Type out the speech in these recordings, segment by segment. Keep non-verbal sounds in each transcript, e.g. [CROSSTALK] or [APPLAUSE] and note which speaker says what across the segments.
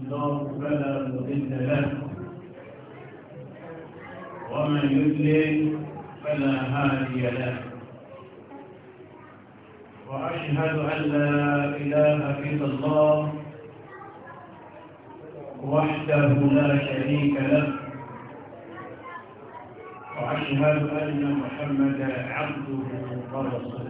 Speaker 1: الله فلا مضل له ومن يضلل فلا هادي له واشهد ان لا اله الا الله وحده لا شريك له واشهد ان محمدا عبده ورسوله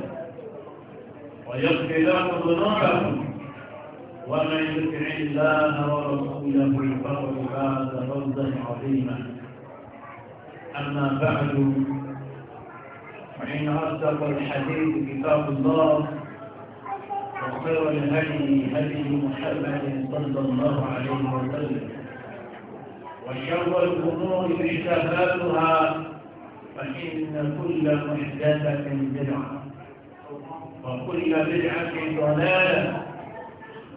Speaker 1: ويغفر لكم ذنوبكم ومن يطع الله ورسوله فقد فاز فوزا عظيما اما بعد فان اصدق الحديث كتاب الله وخير الهدي هدي محمد صلى الله عليه وسلم وشر الامور اجتهادها فان كل محدثه بدعه وكل بدعة ضلالة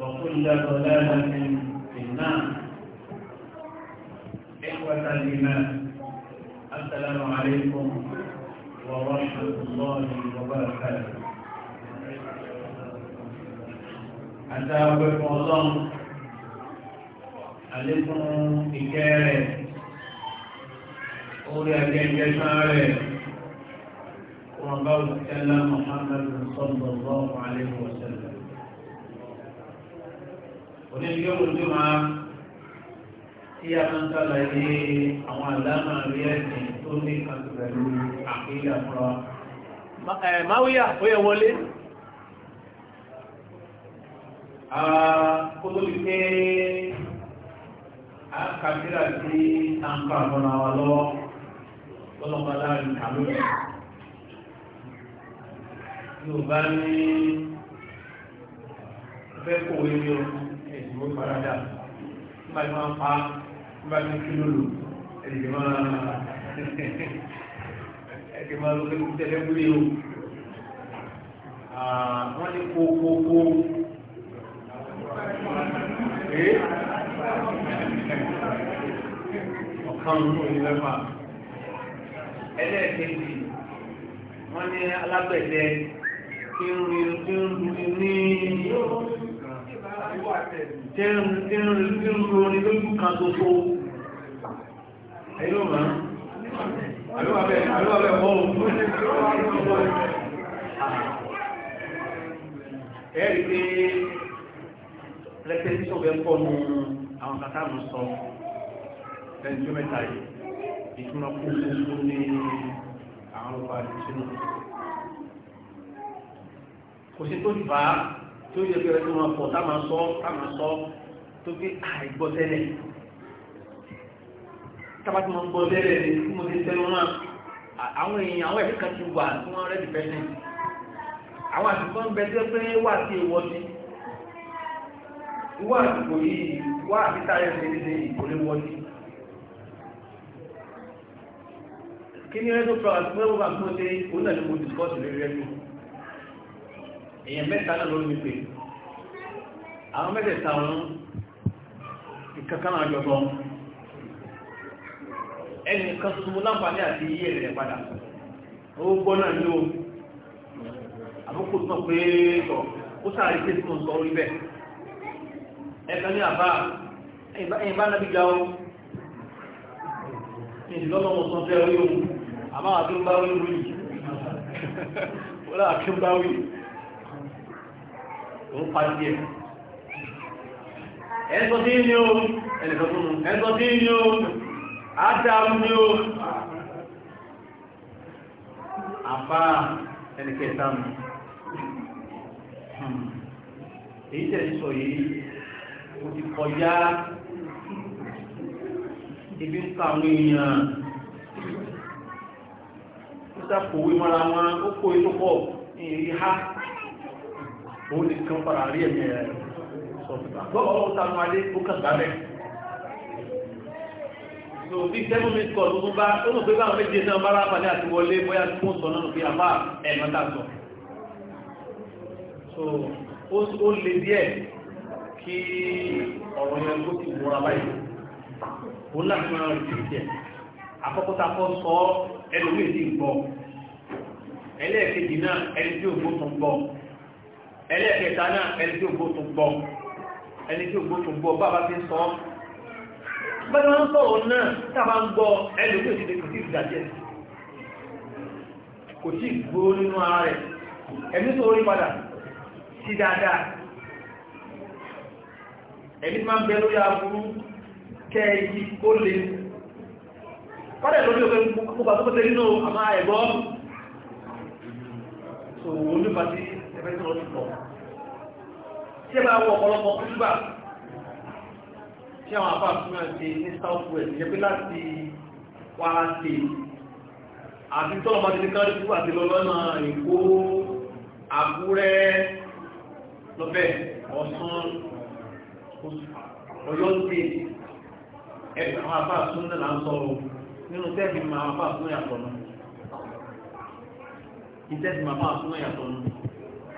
Speaker 1: وكل ضلالة في النار إخوة الإيمان السلام عليكم ورحمة الله وبركاته أبوك وظن أليكم إكاره أولي أجل جساره وقال محمد صلى الله عليه وسلم onídìí olùdó máa tí a máa ń sàlàyé àwọn àlámà rí ẹ̀sìn tó ní kan pẹ̀lú àkíyà fúnra.
Speaker 2: máwíyà ó yẹ wọlé
Speaker 1: kó tó di pé a kàkíra sí àǹfà fúnra wa lọ́wọ́ lọ́lọ́pàá láàrin àlóyè yóò bá ní fẹ́ kòwé ní o ẹ̀sìn ó farada nígbà tí wọ́n pa nígbà tí kí ló lò ẹ̀sìn máa ẹ̀sìn máa lọ fẹ́ tẹ́lẹ̀ wúlé o wọ́n ní kókókó ọ̀kan ló ní lẹ́fà ẹlẹ́ẹ̀kejì wọ́n ní alágbẹ̀dẹ ní lójú kan tó tó
Speaker 3: ẹ̀yọ́ máa àríwàbẹ̀ ọ̀hún ẹ̀rí pé
Speaker 1: rẹpẹtíṣọ́ bẹ pọ̀ ní àwọn kàtàmù sọ lẹ́njọ́ mẹ́ta yìí ìtumọ̀ kúrò ní àwọn ọba àti sínú kò sí tó fà á tí ó yẹ
Speaker 2: kí ẹni máa pọ̀ táwọn sọ táwọn sọ tó fi àìgbọ́ tẹ́lẹ̀ tábàtí wọn gbọ́ tẹ́lẹ̀ ni kí mo ti tẹnu náà àwọn èèyàn àwọn ẹ̀rí kan ti wà tí wọ́n rẹ́ dìpẹ́sẹ̀ àwọn àtìkọ́ ń bẹ tẹ́ pé wà sí ìwọ́ sí wà àtìkò yìí wà àtìkà rẹ̀ ṣe ṣe ìkòlé wọ́ sí kí ni rẹ́dọ̀ fún àwọn àtìkọ́ ìwọ́n bá tó ṣe òun náà ni mo discuss lórí rẹ́dọ̀ èèyàn mẹ́ta náà ló ní pé àwọn mẹ́tẹ̀ẹ̀ta ọ̀run ìkankan na sọ kan súnmú láǹfààní àti iye rẹ̀ padà ó gbọ́ náà ní o àbúkù tó pé tọ̀ ó sáré tí tó sọ orí bẹ́ẹ̀ ẹ̀kan ní àbá ẹ̀yìn bá nábìjà [LAUGHS] ó òun pa ẹ̀sọ́ tí ní o ẹ̀lẹ̀kọ́ tó mú ẹ̀sọ́ tí
Speaker 1: ní
Speaker 3: ádámù ní
Speaker 1: àpá èyí sọ yìí mo ti kọjá ibi
Speaker 2: ń àwọn
Speaker 1: òun lè kán fara rí ẹ̀mí ẹ̀ sọ̀tùbà gbọ́dọ̀ ọ̀hún tanu
Speaker 2: adé ó kàn gbá bẹ́ẹ̀. tó bí seven minutes call tuntun bá ó nù pé báwọn méje náà
Speaker 1: bá so ó le díẹ̀ kí ọ̀rọ̀ yẹn kó ti wọra báyìí òun láti máa rìn sí ìjẹ́ àkọ́kọ́ta kọ́ sọ ẹlòmíì ti gbọ́
Speaker 2: ẹlẹ́ẹ̀kejì náà ẹni tí òun gbọ́ ẹlẹ́ẹ̀kẹta náà ẹni tí ògbó tún gbọ́ ẹni tí ògbó tún gbọ́ bàbá ti sọ ọ́ bẹ́ẹ̀ wọ́n sọ̀rọ̀ náà tàbá ń gbọ́ ẹlòmí òṣèlú kò sí ìdájẹ́ kò sí ìgbóró nínú ara rẹ̀ ẹ̀mí tó rí padà sí dáadáa ẹ̀mí máa ń bẹ lórí aburú kẹ́ẹ̀yí kó lè padà lórí ọ̀fẹ́ púpà tó pẹ́tẹ́ nínú àmà ẹ̀gbọ́n tí ẹ bá wọ ọ̀pọ̀lọpọ̀ kúrúbà tí àwọn àbá fún ẹ̀ ṣe ní south west yẹ pé láti Kwara State àti tọ́lọ̀mọ́ ti ní kárí kúrúbà ti lọ lọ́nà Èkó Àkúrẹ́ lọ́bẹ̀
Speaker 1: Ọ̀ṣun Ọ̀yọ́ State ẹgbẹ̀ àwọn àbá fún náà ń sọ̀rọ̀ nínú tẹ́ẹ̀mì máa àbá fún yàtọ̀ náà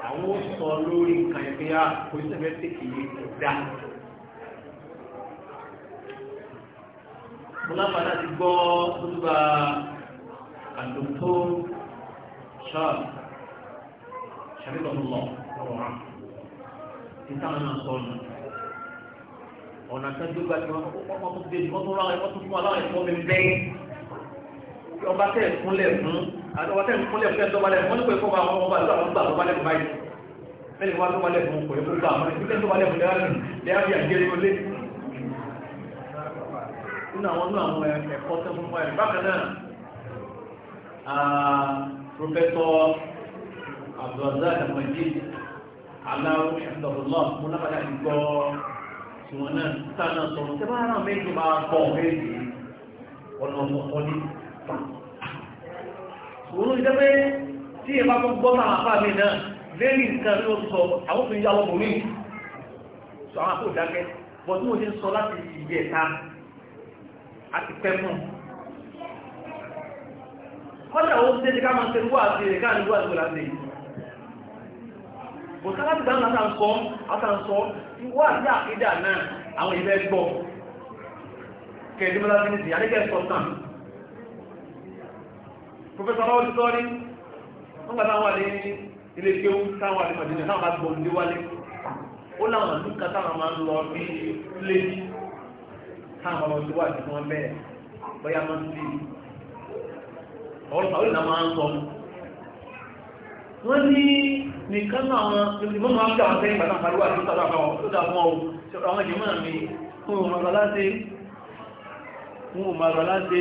Speaker 2: àwọn ó sọ lórí nǹkan ẹgbẹ́ à kò sẹ́fẹ́ tí kì í kò dá
Speaker 3: mo lápàdá
Speaker 1: ti gbọ́ olúwa àdókò ṣọ́ọ̀bù ṣàbíkọ̀ tó lọ lọ́wọ́ rà títà náà sọ ọ̀nà ọ̀nà kan tó gbà tí
Speaker 2: wọ́n àwọn ọ̀tẹ́ ìkúnlẹ̀ fẹ́ tọ́balẹ̀ wọ́n ní pé kọ́ bá wọn wọ́n bá tó àwọn gbà tọ́balẹ̀ fún báyìí mẹ́lì wá tọ́balẹ̀ fún kò yẹ́kú gbà wọn ìpínlẹ̀ tọ́balẹ̀ fún lẹ́yà lẹ́yà bí àjẹrí olé nínú àwọn nínú àwọn ẹ̀kọ́ tẹ́ fún wáyé bákan náà pọfẹ́tọ̀ Abdulrazak Majid aláwọ̀ ṣàtọ̀lọ́ mo lábàdà ti gbọ́ tiwọn náà sáà náà sọ̀rọ̀ tẹ́ bá ara méjì máa bọ̀ méjì ọ̀nà ọ̀nà ọ̀nà òun ló jẹ́ pé tí ìbá tó gbọ́ náà àpá mi náà lẹ́yìn nǹkan ló sọ àwọn òfin yà wọ́n mi sọ àwọn àpò dákẹ́ bọ́ tí mo ti sọ láti ìgbẹ́ ta àti pẹ́ fún un ó ṣe ti ká máa ṣe wá àdúgbò láti kò sára ti dáhùn látàǹsọ́ látàǹsọ́ wá àti àkídà náà àwọn ìfẹ́ gbọ́ kẹ̀ẹ́dínmọ́lá professor lọ́wọ́ ti sọ́ọ́rí wọ́n gbà táwọn àlè ilé kéwú táwọn àlè màdínà táwọn bá gbọ́ ní wálé ó láwọn àti nǹkan táwọn máa ń lọ bí ilé táwọn ọmọ ti wà ní wọn bẹ́ẹ̀ bóyá máa ń sí ọ̀rọ̀ àwọn ìlànà máa ń sọ wọ́n ní nìkan náà wọn ìmọ̀ máa ń gbà wọn sẹ́yìn pàtàkì pariwo àti sọ́dọ̀ àbáwọ̀ tó dà fún ọ ṣọ̀rọ̀ àwọn ìjọba mi fún òun ọ̀rọ̀ láti fún òun ọ̀rọ̀ láti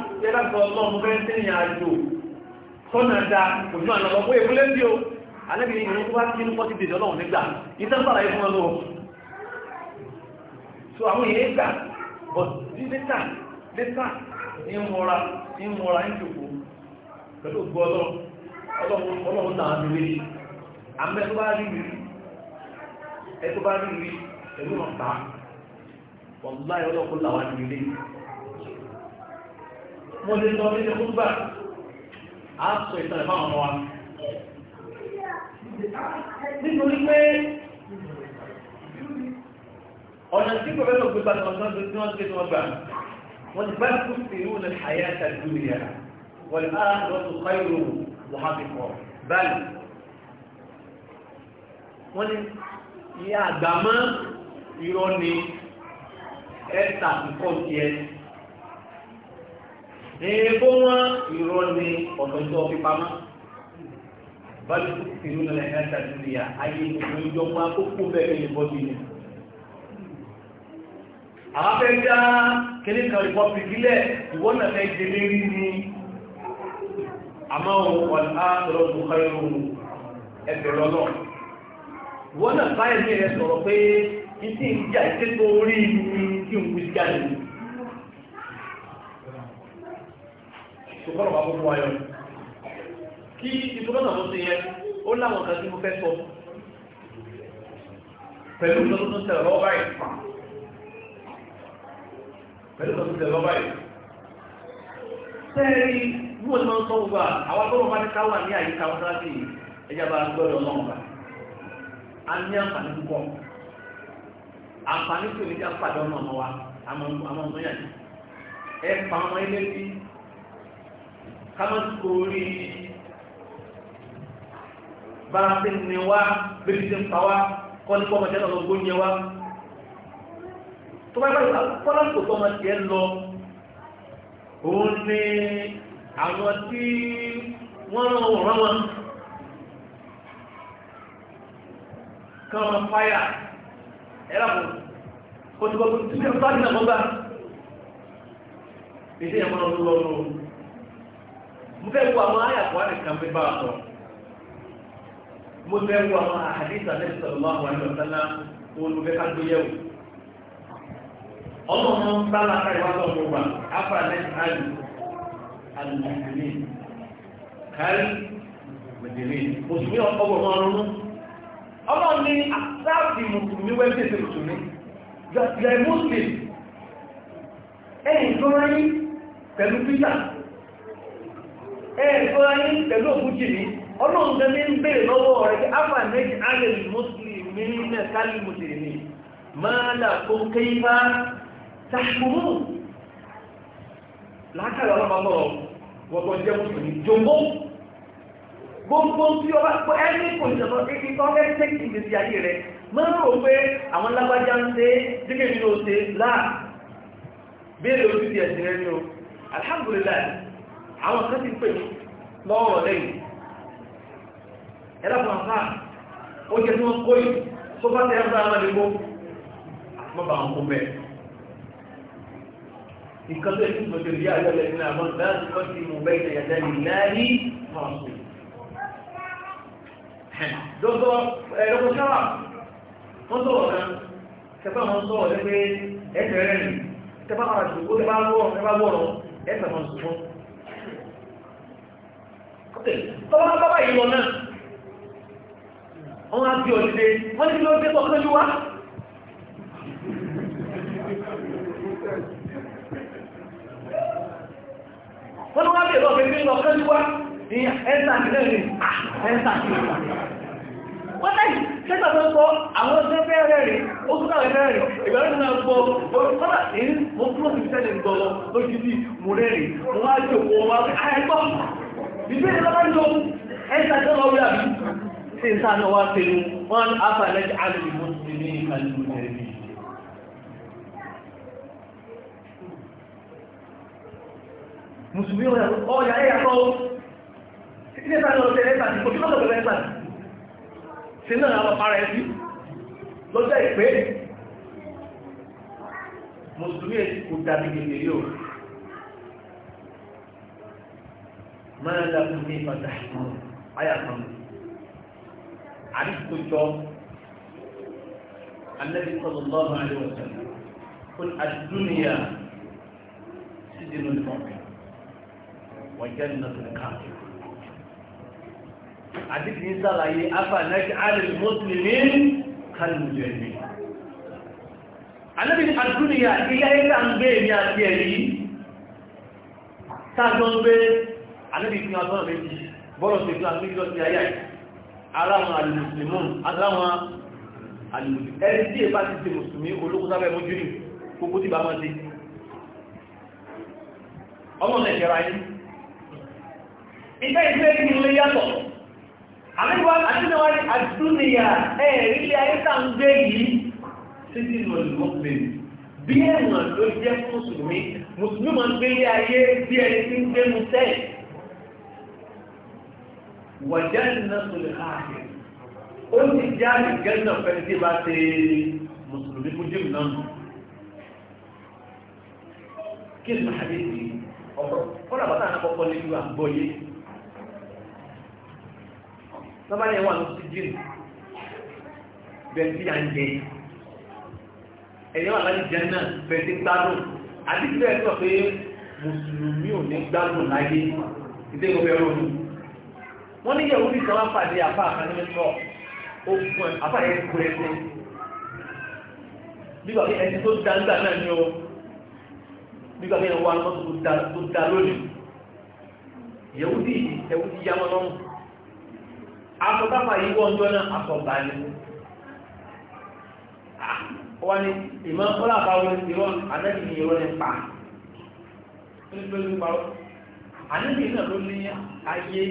Speaker 2: yẹ́dá sọ ọlọ́run fẹ́ sí ìrìn àjò tọ́nà da òjú àná ìwúlé bí o alẹ́bí ìrìn tó bá kí ní dèjọ́ nígbà ọlọ́ so àwọn èèyàn gbà bọ̀ sí lẹ́tà lẹ́tà ní mọ́ra ní mọ́ra ní jòkó pẹ̀lú ògbọ́ ọlọ́run ọlọ́run náà mi lé àmẹ́ bá rí rí ẹ bá rí rí ẹ̀lú ọ̀tá ọlọ́kùn làwọn mo lè lọ nílé kúrúgbà
Speaker 1: á sọ
Speaker 3: ìtàn ẹ̀fọ́ àwọn ọmọ wa nítorí pé
Speaker 2: ọ̀nà tí kò fẹ́lẹ̀ ògbégbà tí wọ́n ti wọ́n ti wọ́n gbà wọ́n ti bá kú sí irú ní àyà àtàlùmíyà wọ́n á lọ sí káyọ̀ wàhábìkọ̀ báyìí wọ́n ní ìyá àgbàmọ́ irọ́ ni ẹ̀ta ìkọ́ tiẹ̀ èèbó wọn irọ́ ni ọ̀dọ́jọ́ pípamọ́ báyìí tó fi ìlú nàlẹ́ ẹ̀ka ìdúnyà ayé ìjọ máa kó kó bẹ́ẹ̀ ní bọ́ọ̀dù ni. àwọn fẹ́ dá kíní kan rìpọ́bì gílẹ̀ ìwọ́n náà fẹ́ jẹ lérí ni àmọ́ òun wà á lọ bó káyọ̀ òun ẹgbẹ̀ lọ́nà. ìwọ́n náà báyìí ní ẹ̀ sọ̀rọ̀ pé ìdí ìjà ìṣètò orí ni kí n kú sí ṣùgbọ́n wà gbogbo ayọ̀ kí ìtúbọ̀nà tó ti yẹ ó láwọn kan tí mo fẹ́ sọ pẹ̀lú ìtọ́jú tó ń tẹ̀lé lọ́wọ́ báyìí pẹ̀lú ìtọ́jú tó ń tẹ̀lé lọ́wọ́ báyìí sẹ́ẹ̀rí bí wọ́n ti máa ń sọ gbogbo àwọn tó wọ́n bá ní káwà ní àyíká wọn sáà sí ẹjá bá gbọ́dọ̀ ọlọ́run a ní àǹfààní púpọ̀ àǹfààní tí òní jẹ́ àpàdé ọmọ ọmọ wa àmọ́ ọmọ yàtọ̀ ẹ pa ọmọ ilé bíi kámẹ́sìkò orí bá ń tẹ́ ní wá bébí tẹ́ ń pa wá kọ́ ní pọ́mọ̀ tẹ́lọ̀ lọ́gbó ń yẹ wá tó bá bá kọ́lọ́pù tó máa tiẹ̀ lọ òun ni àwọn tí wọ́n rán wọn rán wọn kán wọn fáyà ẹ̀rọ kò tó bá tó tó bá tó bá tó mo fẹ́ wo àwọn ayé àkọ́wá nìkan fi bá a sọ mo fẹ́ wo àwọn àhàdísà lẹ́sìn sọ̀rọ̀ lọ́wọ́ àwọn àyè ọ̀sánná olùfẹ́ ká gbé yẹ̀wò
Speaker 1: ọlọ́run ń bá lápá ìwà lọ́wọ́ wa afa lẹ́sìn àlù àlùmọ̀tìmí kárí mẹ̀tìmí mùsùlùmí ọgbọ̀n máa ronú ọlọ́run ní
Speaker 2: àtàkì mùsùlùmí wẹ́ẹ́dẹ́sẹ̀ mùsùlùmí yọ ìyá ìmùsùlùmí ẹ̀yìn tó ráyé pẹ̀lú pítà ẹ̀ẹ̀kọ́ ayé pẹ̀lú òkújì n'i ọlọ́run ní ń bèèrè lọ́wọ́ rẹ̀ kí afa méjì alẹ́ mùsùlùmí ní ẹ̀kálí mùsùlùmí máa là kó kéyípa tàkùmù látàrí ọlọ́pàá wọ́pọ̀ jẹ́ mùsùlùmí jòmbó gbogbo tí ọ bá pọ̀ ẹni àwọn kan ti pè ní lọ́wọ́ lẹ́yìn ẹlẹ́pàá fà ó jẹ́ tí wọ́n kó yìí tó bá tẹ́ ẹgbẹ́ àwọn ìgbó mọ́ bá wọn kó bẹ́ẹ̀ nǹkan tó ẹ̀sìn pẹ̀lú ìyá ayọ́ lẹ́yìn náà wọ́n bá ti kọ́ sí mú bẹ́ẹ̀ ní ẹ̀dá yìí láàrí ẹ̀rọ tọ́wọ́ bábá yìí lọ náà wọ́n á bí ọdíde wọ́n ní ló dé pọ̀ lójú wá
Speaker 3: wọ́n ní wá bí ìlọ́pẹ̀ ní lọ lójú wá
Speaker 2: ní ẹ́ńtà sílẹ̀ ní ah, ẹ́ńtà sílẹ̀ wọ́n láì sẹ́gbà tó sọ àwọn ọdún fẹ́ rẹ̀ rẹ̀ ó tún náà rẹ̀ rẹ̀ ìgbàlẹ́ náà gbọ́ bọ́lá èyí mo tún bíbí ìlọ́pàá jọ ẹ̀ta tó lọ wíwá bí ṣe ń sáà náà wá ṣe ní wọ́n afa lẹ́jọ́ àlùbí
Speaker 1: mọ́ sí ní ìkàlùbí ẹ̀rí.
Speaker 2: mùsùlùmí ọ̀yà ẹ̀yà kọ́ ilé ìta lọ sí ẹ̀ta kò tí wọ́n lọ bẹ̀rẹ̀ ẹ̀ta ṣe náà lọ para ẹ̀ lọ́jọ́ ìpè mùsùlùmí kò dàbí gègé
Speaker 1: yóò máa dá fún mi ìfàdà àyà kan àdìsí tó jọ النبي صلى الله عليه وسلم قل الدنيا
Speaker 4: سجن المؤمن وجنة الكافر àdìsí ń sàlàyé afànàjì alìmọ́sílì
Speaker 1: kàlùjẹ̀mí
Speaker 2: alẹ́bìn àdúnìyà ilé ẹgbà ń gbé èmì àti ẹ̀rí tàbí ń gbé ànábì fi hàn sọ́nà méjì bọ́rọ̀ sí fi hàn sí ìjọ sí ayé àyè aláwọn alìmùsùlùmù aláwọn alìmùsùlùmù ẹni tí èbá ti ṣe mùsùlùmí olókùn sábẹ́ mójú ní kókó tí bá máa ṣe ọmọ nàìjíríà yìí ìfẹ́ ìfẹ́ kí ilé yàtọ̀ àmìwá àtúnwá àtúnìyà ẹ̀ẹ́rílẹ̀ ayéta ń gbé yìí títí lọ́lùmọ́ pẹ̀lú bí ẹ̀wọ̀n ló jẹ́ fún mùsùlùmí mùsùlùmí máa ń gbé ilé ayé bí ẹni tí ń gbé mu tẹ́ẹ̀ wàjánìlẹ́sùn lè káàkiri ó ti já ìgẹ́nà fẹ́ni tí bá ṣe mùsùlùmí fún jíìmù náà nù kí ni màá yéé di ọ̀rọ̀ kọ́nà bàtà náà kọ́kọ́ lé ju àgbọ̀yé sábà yẹn wà lóṣù jíìmù bẹ́ẹ̀ tí à ń jẹ ẹ̀yẹ́ wà láti jẹ náà bẹ́ẹ̀ gbádùn àti bẹ́ẹ̀ sọ mùsùlùmí ò ní gbádùn láyé ìdẹ́gbẹ́ ọ̀rọ̀ wọ́n ní yẹ̀wò nìkan wá pàdé àfa àkànní sọ ogun àfa yẹn kú ẹsẹ̀ bí wàá ẹni tó da nígbà náà ni o bí wàá yẹn wá lọ́sọ̀ tó da lónìí yẹ̀wò dì ẹ̀wò ti yá wọn lọ́rùn asọ̀tàfà yìí wọ́n jọ náà asọ̀gbà ni wọ́n ní ìmọ̀ ọ̀là àbáwọn ìrọ̀ àdẹ́bí ni ìrọ̀ ní pa nítorí pàrọ̀ àdẹ́bí náà ló ní ayé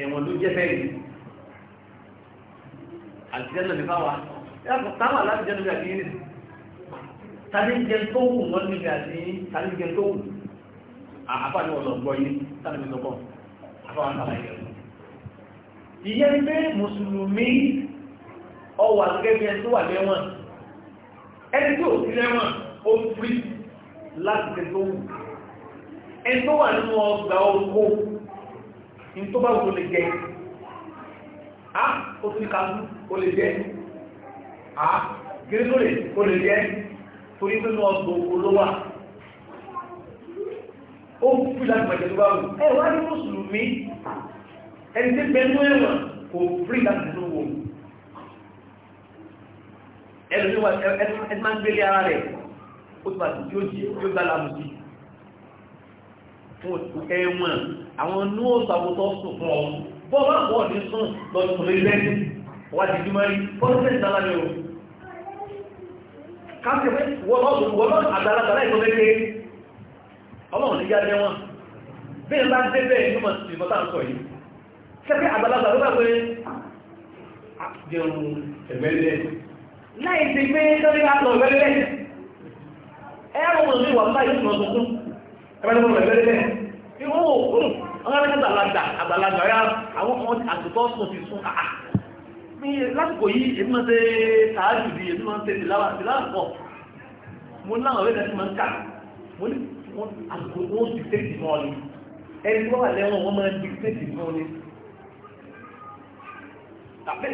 Speaker 4: ẹ̀wọ̀n ló jẹ́ bẹ́ẹ̀ yìí àtijọ́ ní báwa yàtọ̀ táwọn aláàbíjọ́ níbi àti yìí tàbí jẹ́ tó wù wọ́n níbi àti yìí
Speaker 2: tàbí
Speaker 1: jẹ́ tó wù àfààní ọ̀lọ́gbọ́ yìí tàbí mi lọ́kọ̀ àfààní àlàyé
Speaker 2: ìyẹn pé mùsùlùmí ọwà gẹ́gẹ́ ẹni tó wà lẹ́wọ̀n ẹni tó sí lẹ́wọ̀n ó fúrí láti tẹ́ tó wù ẹni tó wà nínú ọgbà oko in tó bá wù tó lè jẹ a ó tún kàánú ó lè jẹ a gírígúrì ó lè jẹ torí nínú ọgbọ̀n olówà ó fi láti bàjẹ́ tó bá wù ẹ wá ní mùsùlùmí ẹni tí pẹ̀lú ẹ̀wọ̀n kò fi láti tó wù ẹni máa ń gbélé ara rẹ̀ ó ti bàtí tí ó gbá lámùsí fún ẹ̀wọ̀n àwọn ní ó sàwòtọ́ sùn fún ọmọ bọ́ bá bọ́ ní sùn lọ́sùn lẹ́gbẹ́ wà ti dúmọ́ rí pọ́sẹ̀ ìdára ni o káàkiri wọ́n àgbàlagbà láì tọ́lẹ́gbẹ́ ọlọ́run ní yájẹ́ wọn bí i bá dé bẹ́ẹ̀ ní mọ̀ sí mọ́ta ń sọ yìí
Speaker 1: sẹ́fẹ́ àgbàlagbà ló bá pé jẹun ẹ̀gbẹ́lẹ́
Speaker 2: láì ti gbé lórí àtọ̀ ẹ̀gbẹ́lẹ́ ẹ̀rùn mi wà báyìí mọ̀ tuntun ẹ̀gbẹ́lẹ́ ọlọ́run ní àgbàlagbà àgbàlagbà ya àwọn ọmọ àtìkọ́ sọ ti sún àà ní lásìkò yìí èmi máa ṣe tààjù bí èmi máa ṣe tìláwà tìláwà pọ̀ mo ní àwọn ọ̀rẹ́dẹ̀ tí máa ń kà mo ní àtìkò wọn ti ṣe ti mọ́ ni ẹni tó wà lẹ́wọ̀n wọn máa ti ṣe ti mọ́ ni.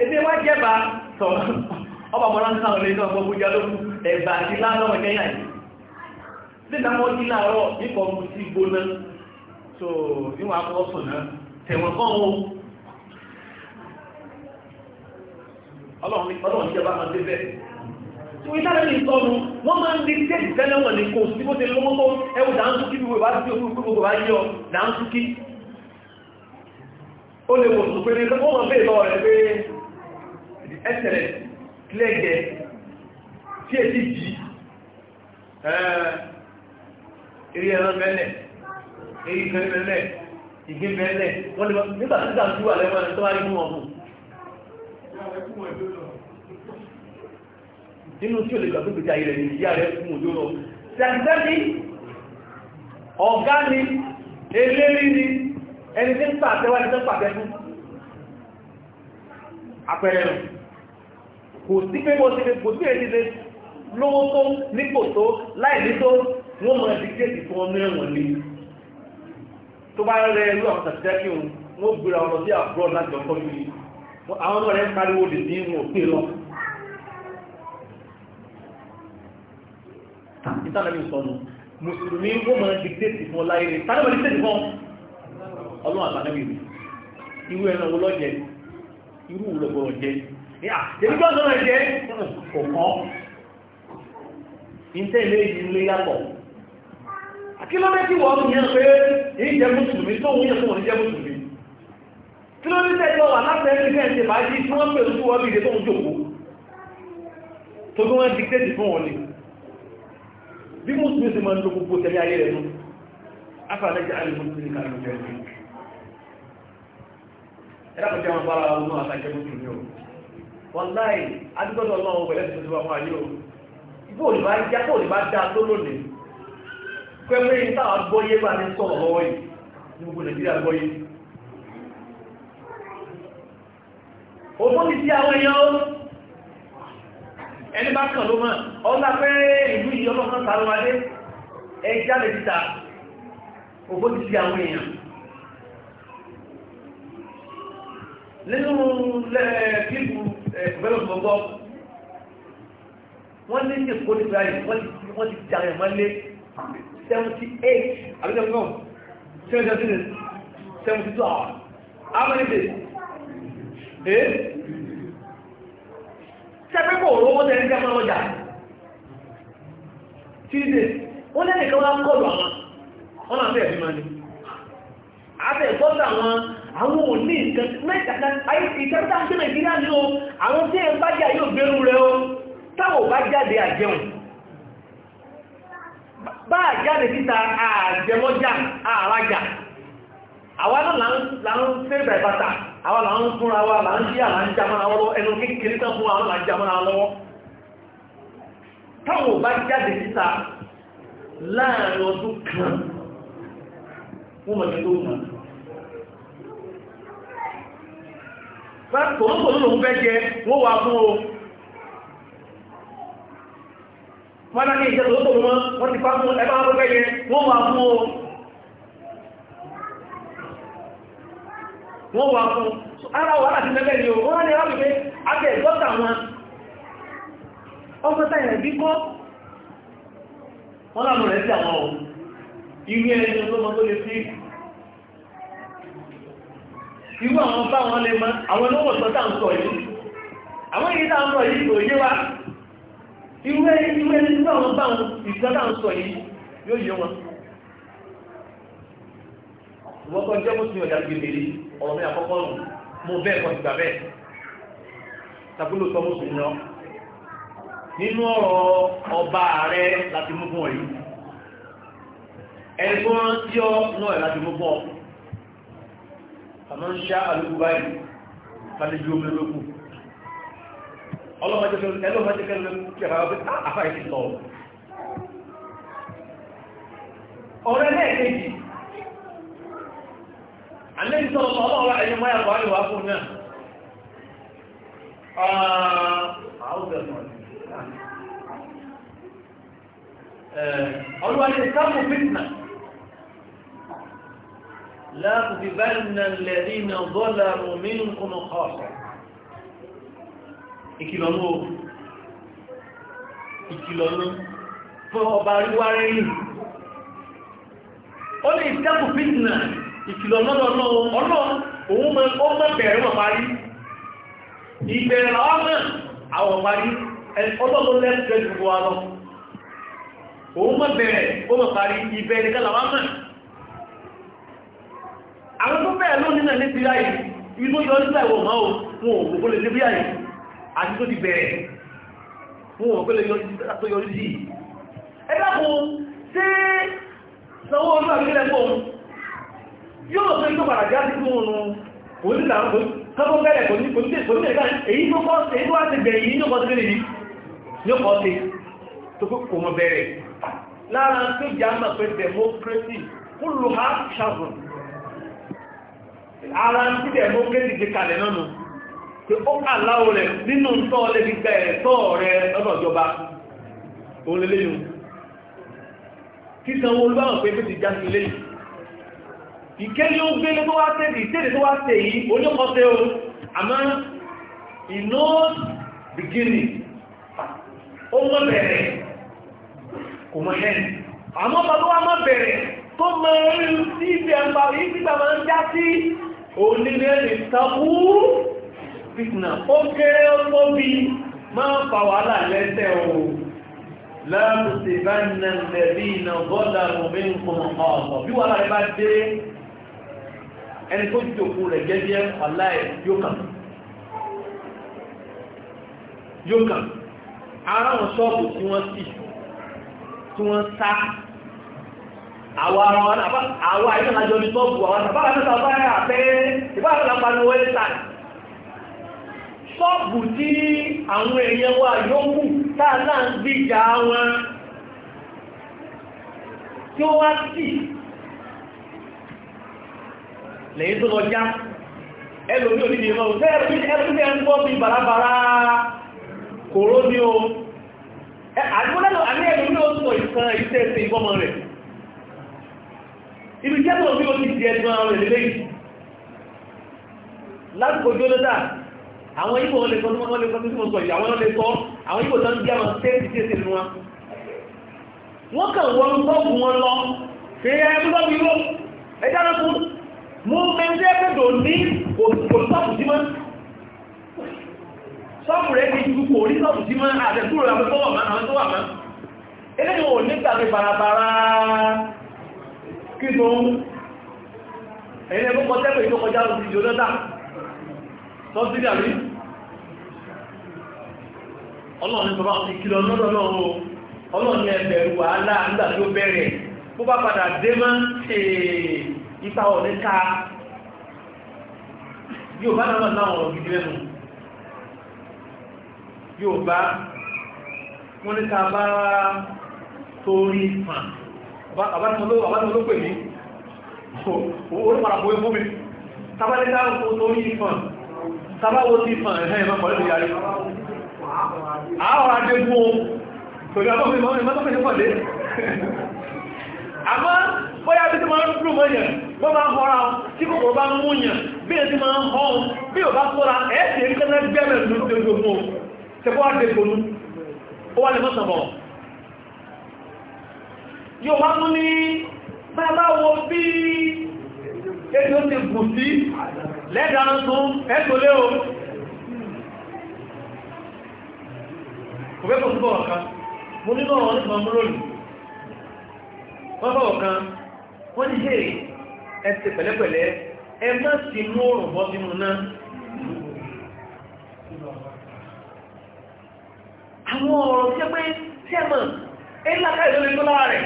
Speaker 4: èmi wá jẹ́ba tọ̀
Speaker 2: ọba mọ́ra ń sáwọn ilé náà gbọ́ bójá lókù ẹ̀bà àti láàárọ̀ ẹ̀kẹ́yà yìí so níwọ̀n akọ́ sùn náà na kọ́ o ọlọ́run ní ìjọba tí wọ́n ní wọ́n máa ń di tẹ́lì tẹ́lẹ̀ wọ̀n ní kò sí bó ti lọ́wọ́ tó ẹwù dáńtúkí bí wọ́n bá sí gbogbo bá dáńtúkí ó lè wọ́n bèèrè lọ́wọ́ rẹ̀ èyí fẹ́lẹ́lẹ́ ìgbẹ́fẹ́lẹ́ wọ́n lè nígbà tí ìgbà tí wà lẹ́wọ́n ẹni tó wá rí mú ọmọ nínú tí ò lè gbà tó gbèjà ilẹ̀ ní ìyá rẹ̀ fún òjò lọ ṣàtìtẹ́ni ọ̀gá ni eléri ni ẹni tí ń pàtẹ́wà ní pàtẹ́ fún àpẹẹrẹ rẹ̀ kò sí pé wọ́n ti fi kò sí èdè lè lówó tó nípò tó láì ní tó wọ́n mọ̀ ẹ̀dígbé tó bá rẹ irú àwọn tàbíjákì òun wọ́n gbéra ọ̀rọ̀ sí abroad láti ọkọ̀ yìí àwọn ọmọ rẹ̀ ń pariwo lè dín wọn pè lọ ìtànàmì ìsọnù mùsùlùmí wọ́n mọ̀ dìktéètì fún ọláyé rẹ̀ tàbí mọ̀ dìktéètì fún ọlọ́run àtànàmì rẹ̀ irú ẹ̀nà owó lọ́jẹ́ irú ìlọ́gbọ̀rọ̀ jẹ́ ìgbọ́sọ̀rọ̀ jẹ́ ọ̀kan ìtẹ́lẹ̀ ìlú yàtọ̀ kí ló dé kí wọ́n yẹn pé ìjẹ́ mùsùlùmí tó wúyẹ̀ fún òní jẹ́ mùsùlùmí kí ló dé tẹ́jọ́ wà láti ẹni bẹ́ẹ̀ ṣe máa jí tí wọ́n pè lóṣù wọ́n lè tó ń jòkó tó tó wọ́n dìkẹ́tì fún wọn ni bí mùsùlùmí sì máa ń lo gbogbo tẹ̀lé ayé rẹ̀ nù afẹ́lẹ́jẹ́ alìmùsùlùmí kan ló jẹ́ ẹ̀dàkọ̀jẹ́ wọn fara ọdún àtàkẹ́ mùsùlùmí o wọn láì adúgbọ́dọ̀ ọlọ́run pẹ̀lẹ́ pẹ̀lú ìta àgbọ́yé bá ní sọ̀rọ̀ lọ́wọ́ yìí ní gbogbo nàìjíríà gbọ́yé òfóòlì sí àwọn èèyàn ẹni bá kàn ló mọ̀ ọlá pé ìlú ìyọ́lọ́kan sàrọ̀wádé ẹjá lè títà òfóòlì sí àwọn èèyàn nínú kíkù ẹ̀fẹ́lọ́gbọ̀gbọ́ wọ́n ní ìkó nípa wọ́n ti jàrẹ̀ mọ́lé 78 I mean, no, 72 72 hours. How many days? Eh? Sẹ́pẹ́ kò rówó tẹ́lẹ̀ ní ẹgbẹ́ ọjà. Tuesday, ó àwọn àwọn òní nǹkan mẹ́tàkà Nàìjíríà ní o, àwọn bá àjáde títa àjẹmọ́já àrájà àwa náà ń la bàtà àwa là ń fúnra wa là ń ṣí àlà ń jamọ́ra lọ́wọ́ ẹnu kékeré tán fún àwọn là ń lọ́wọ́ táwọn bá jáde títa láàrin ọdún kan fún tó mọ̀ lòun fẹ́ wọ́n bá ní ìjẹ́ tó tó wọ́n ti pàmù ẹbá ọgbẹ́ wọ́n wà fún o wọ́n wà fún ara wà láti mẹ́lẹ̀ ni o wọ́n ní ìgbọ́ta wọn ọgbọ́ta bí kọ́ wọ́n rẹ̀ sí àwọn ohun irú ẹni tó mọ́ tó lè sí irú àwọn bá wọn lè mọ́ àwọn olówó ń sọ yìí àwọn tá ń sọ yìí kò yé wa ìwé ìwé nígbà wọn bá wọn ìgbàdá ń sọ yìí yóò yé wọn wọ́n kọ́ jẹ́ mọ́sùn ọ̀dà gbèbèrè ọ̀rọ̀ mi àkọ́kọ́ nù mo bẹ́ẹ̀ kọ́ ti gbà bẹ́ẹ̀ tàbílò sọ mọ́sùn náà nínú ọ̀rọ̀ ọba ààrẹ láti mú fún ọ yìí ẹ̀gbọ́n tí ọ náà láti mú fún ọ àmọ́ ń ṣá àlùkù báyìí fàlejò omi olókùn ọlọ́mọdékẹ́lẹ́ Àlẹ́yìn sọ́rọ̀ ọlọ́wọ́ ẹ̀yìn
Speaker 1: máa bọ̀ àríwá fún náà.
Speaker 2: Ọlọ́wọ́ ẹ̀yìn sáàmù fitna láàbùdìbánà lẹ́rìnà bọ́lá mú mínú kúnnù kọ́ọ̀kọ́. ìkìlọ̀nú o ìkìlọ̀nú fún ọba ríwá rẹ́yìn ó lè dákù fitna ìkìlọ̀nú ọ̀nà òun mọ́ bẹ̀rẹ̀ wọ̀n parí ìbẹ̀rẹ̀ ọmọ àwọn parí ọlọ́lọ́ lẹ́sẹ̀ gbogbo wa lọ òun mọ́ bẹ̀rẹ̀ ó mọ̀ parí ìbẹ̀rẹ̀ kálàwà mọ̀ àwọn tó bẹ̀rẹ̀ lónìí náà ní ti ráyìí ibi tó yọ nígbà ìwọ̀n máa wọn ò gbogbo lè dé bí àyè àti tó ti bẹ̀rẹ̀ fún ọ̀pẹ́lẹ̀ yọrí sí ẹgbẹ́kùn tí sanwó olú àgbẹ́lẹ̀ fún yóò tó tó padà já sí fún oòrùn onílà kọ́kọ́ bẹ̀rẹ̀ kò ní ẹ̀ká èyí tó kọ́ sí èyí tó wá ti bẹ̀rẹ̀ yìí ní ọkọ̀ sí lẹ́nìí ní ọkọ̀ sí tó kò mọ̀ bẹ̀rẹ̀ lára tó já mọ̀ pé democracy kúlù ha ṣàbùn ara tí democracy ti kalẹ̀ náà pé ó aláwọ̀ rẹ̀ nínú tọ́ lè fi gba ẹ̀tọ́ rẹ̀ lọ́dọ̀ ìjọba òun lélẹ́yìn sísan owó olúbáwọ̀ pé bí ti já sí lẹ́yìn ìkẹ́ ni ó gbélé tó wá tẹ́lẹ̀ ìtẹ́lẹ̀ tó wá tẹ̀ yìí oníkọ́tẹ́ o àmọ́ ìná bìgínì ó mọ́ bẹ̀rẹ̀ kò mọ́ ẹ̀ẹ́n àmọ́ bàbá wa mọ́ bẹ̀rẹ̀ tó mọ́ rí sí ibi àgbà yìí sí bàbá ń já sí òun nílẹ̀ ìtàkùú fitna ó kéré ọmọ bí máa fà wàhálà lẹ́sẹ̀ o láàrùn bá nà lẹ́bí iná bọ́ọ̀lá omi nǹkan ọ̀sọ̀ bí wàhálà rẹ bá dé ẹni tó jòkó rẹ̀ jẹ́jẹ́ àwọn ara wọn àwọn àyíká àjọ ní ṣọ́ọ̀bù àwọn àtàbára mẹ́ta báyà pé ìbára pariwo ẹ̀ sáà sọ́ọ̀bù tí àwọn èèyàn wa yóò tààlà ń gbíjà wọn tí ó wá sí
Speaker 4: lẹ́yìn tó lọ já
Speaker 2: ẹlòmí onídìí mọ́ ẹlòmí ẹ̀ ń bí bàrábàrá kòró ní o àdúgbọ́lẹ́lò àní ẹlòmí ó sọ ìsan iṣẹ́ ìṣẹ́ ìgbọ́mọ rẹ̀ ibi jẹ́ ó ti di láti àwọn ibò wọn lè sọ tí wọ́n lè sọ tí wọ́n sọ yìí àwọn lè sọ àwọn ibò tó ń bí àwọn tẹ́ẹ̀tì tẹ́ẹ̀tì nínú wọn wọ́n kàn wọ́n bọ́ọ̀bù wọn lọ fi ẹgbẹ́gbẹ́ ìlú ẹjá lọ fún mú mẹ́jẹ́ pẹ̀lú ní kò sọ́ọ̀bù sí mọ́ sọ́ọ̀bù rẹ̀ ti ju kò rí sọ́ọ̀bù sí mọ́ àtẹ̀kúrò àwọn tó wà mọ́ àwọn tó wà mọ́ eléyìí wọn ò ní tàbí barabara kí tó ń ẹ̀yìn ẹgbẹ́ kọjá pẹ̀lú kọjá lọ sí ìjọ lọ́dà sọ́ọ̀bù sí ọlọ́run tó bá ti kìlọ̀ lọ́dọ̀ o ọlọ́run ẹ̀bẹ̀rù wàhálà nígbà tó bẹ̀rẹ̀ bó bá padà dé mọ́ ipa ọ̀dẹ́ ká yóò bá náà láwọn ọ̀rọ̀ gidi lẹ́nu yóò bá wọ́n ní ká bá torí fàn àbátọ́lópè mi olùpàràpọ̀ ẹgbó mi tàbálẹ́ká torí fàn tàbáwó sí fàn
Speaker 3: ẹ̀hẹ́ ìmọ̀kọ̀lẹ́ àwọn adékún
Speaker 2: pẹ̀lú àbọ́fẹ́ mọ́ ìmọ́tọ́fẹ́ ní pọ̀lẹ́ àmọ́ bóyá bí tí máa ń rú mọ́yàn bọ́ máa ń họ́ra tí kò bọ́ bá ń múyàn bí ẹ̀ tí máa ń họ́ bí ò bá sọ́ra ẹ̀ẹ́sì ń kẹ́lẹ́ gbẹ́mẹ̀ lójoojúmọ́ tẹ́kọ́ adékún ó wà lè mọ́ sọ̀bọ̀ yóò wá mú ní bàbá wo bí ètò ti gùn sí lẹ́dàá tó ẹ̀tọ́lé o kò fẹ́ kò túbọ̀ ọ̀kan mo nínú ọ̀rọ̀ nípa múlòlù wọ́n bọ̀ ọ̀kan wọ́n ní hé ẹsẹ̀ pẹ̀lẹ́pẹ̀lẹ́ ẹ má sì mú òrùn bọ́ sínú náà àwọn ọ̀rọ̀ tí ẹ pé tí ẹ mọ̀ ẹ lákà ìlú tó lára rẹ̀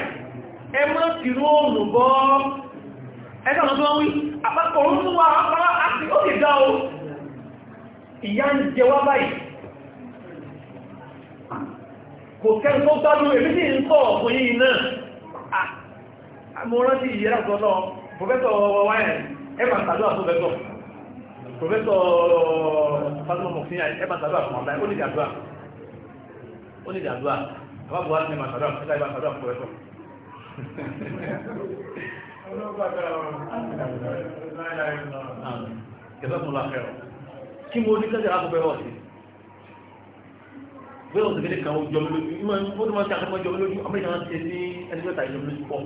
Speaker 2: ẹ mọ́ sí rú òrùn bọ́ ẹgbẹ́ ọ̀nà o ìyá ń jẹ wá kò kẹ́ tó gbádùn èmi sì ń kọ̀ fún yìí náà mo rántí ìyẹ́rà sọ́nà pòfẹ́sọ̀ wáyẹ̀ ẹ̀mà tàdúrà tó bẹ́tọ̀ pòfẹ́sọ̀ fásitì mọ̀fín ẹ̀mà tàdúrà fún ọ̀la ó nídìí àdúrà ó nídìí àdúrà àbábọ̀ wá ní ẹ̀mà tàdúrà fún ẹ̀mà tàdúrà fún pòfẹ́sọ̀ kí mo ní kẹ́jọ́ àkọ́bẹ̀rẹ̀ ọ̀sìn bẹ́ẹ̀ oṣù kẹ́lẹ́ kan jọ lójú ìmọ̀ ó ti máa ṣe àkọ́kọ́ jọ lójú ọmọ ìyá ti ní ẹni mẹ́ta jọ lójú pọ̀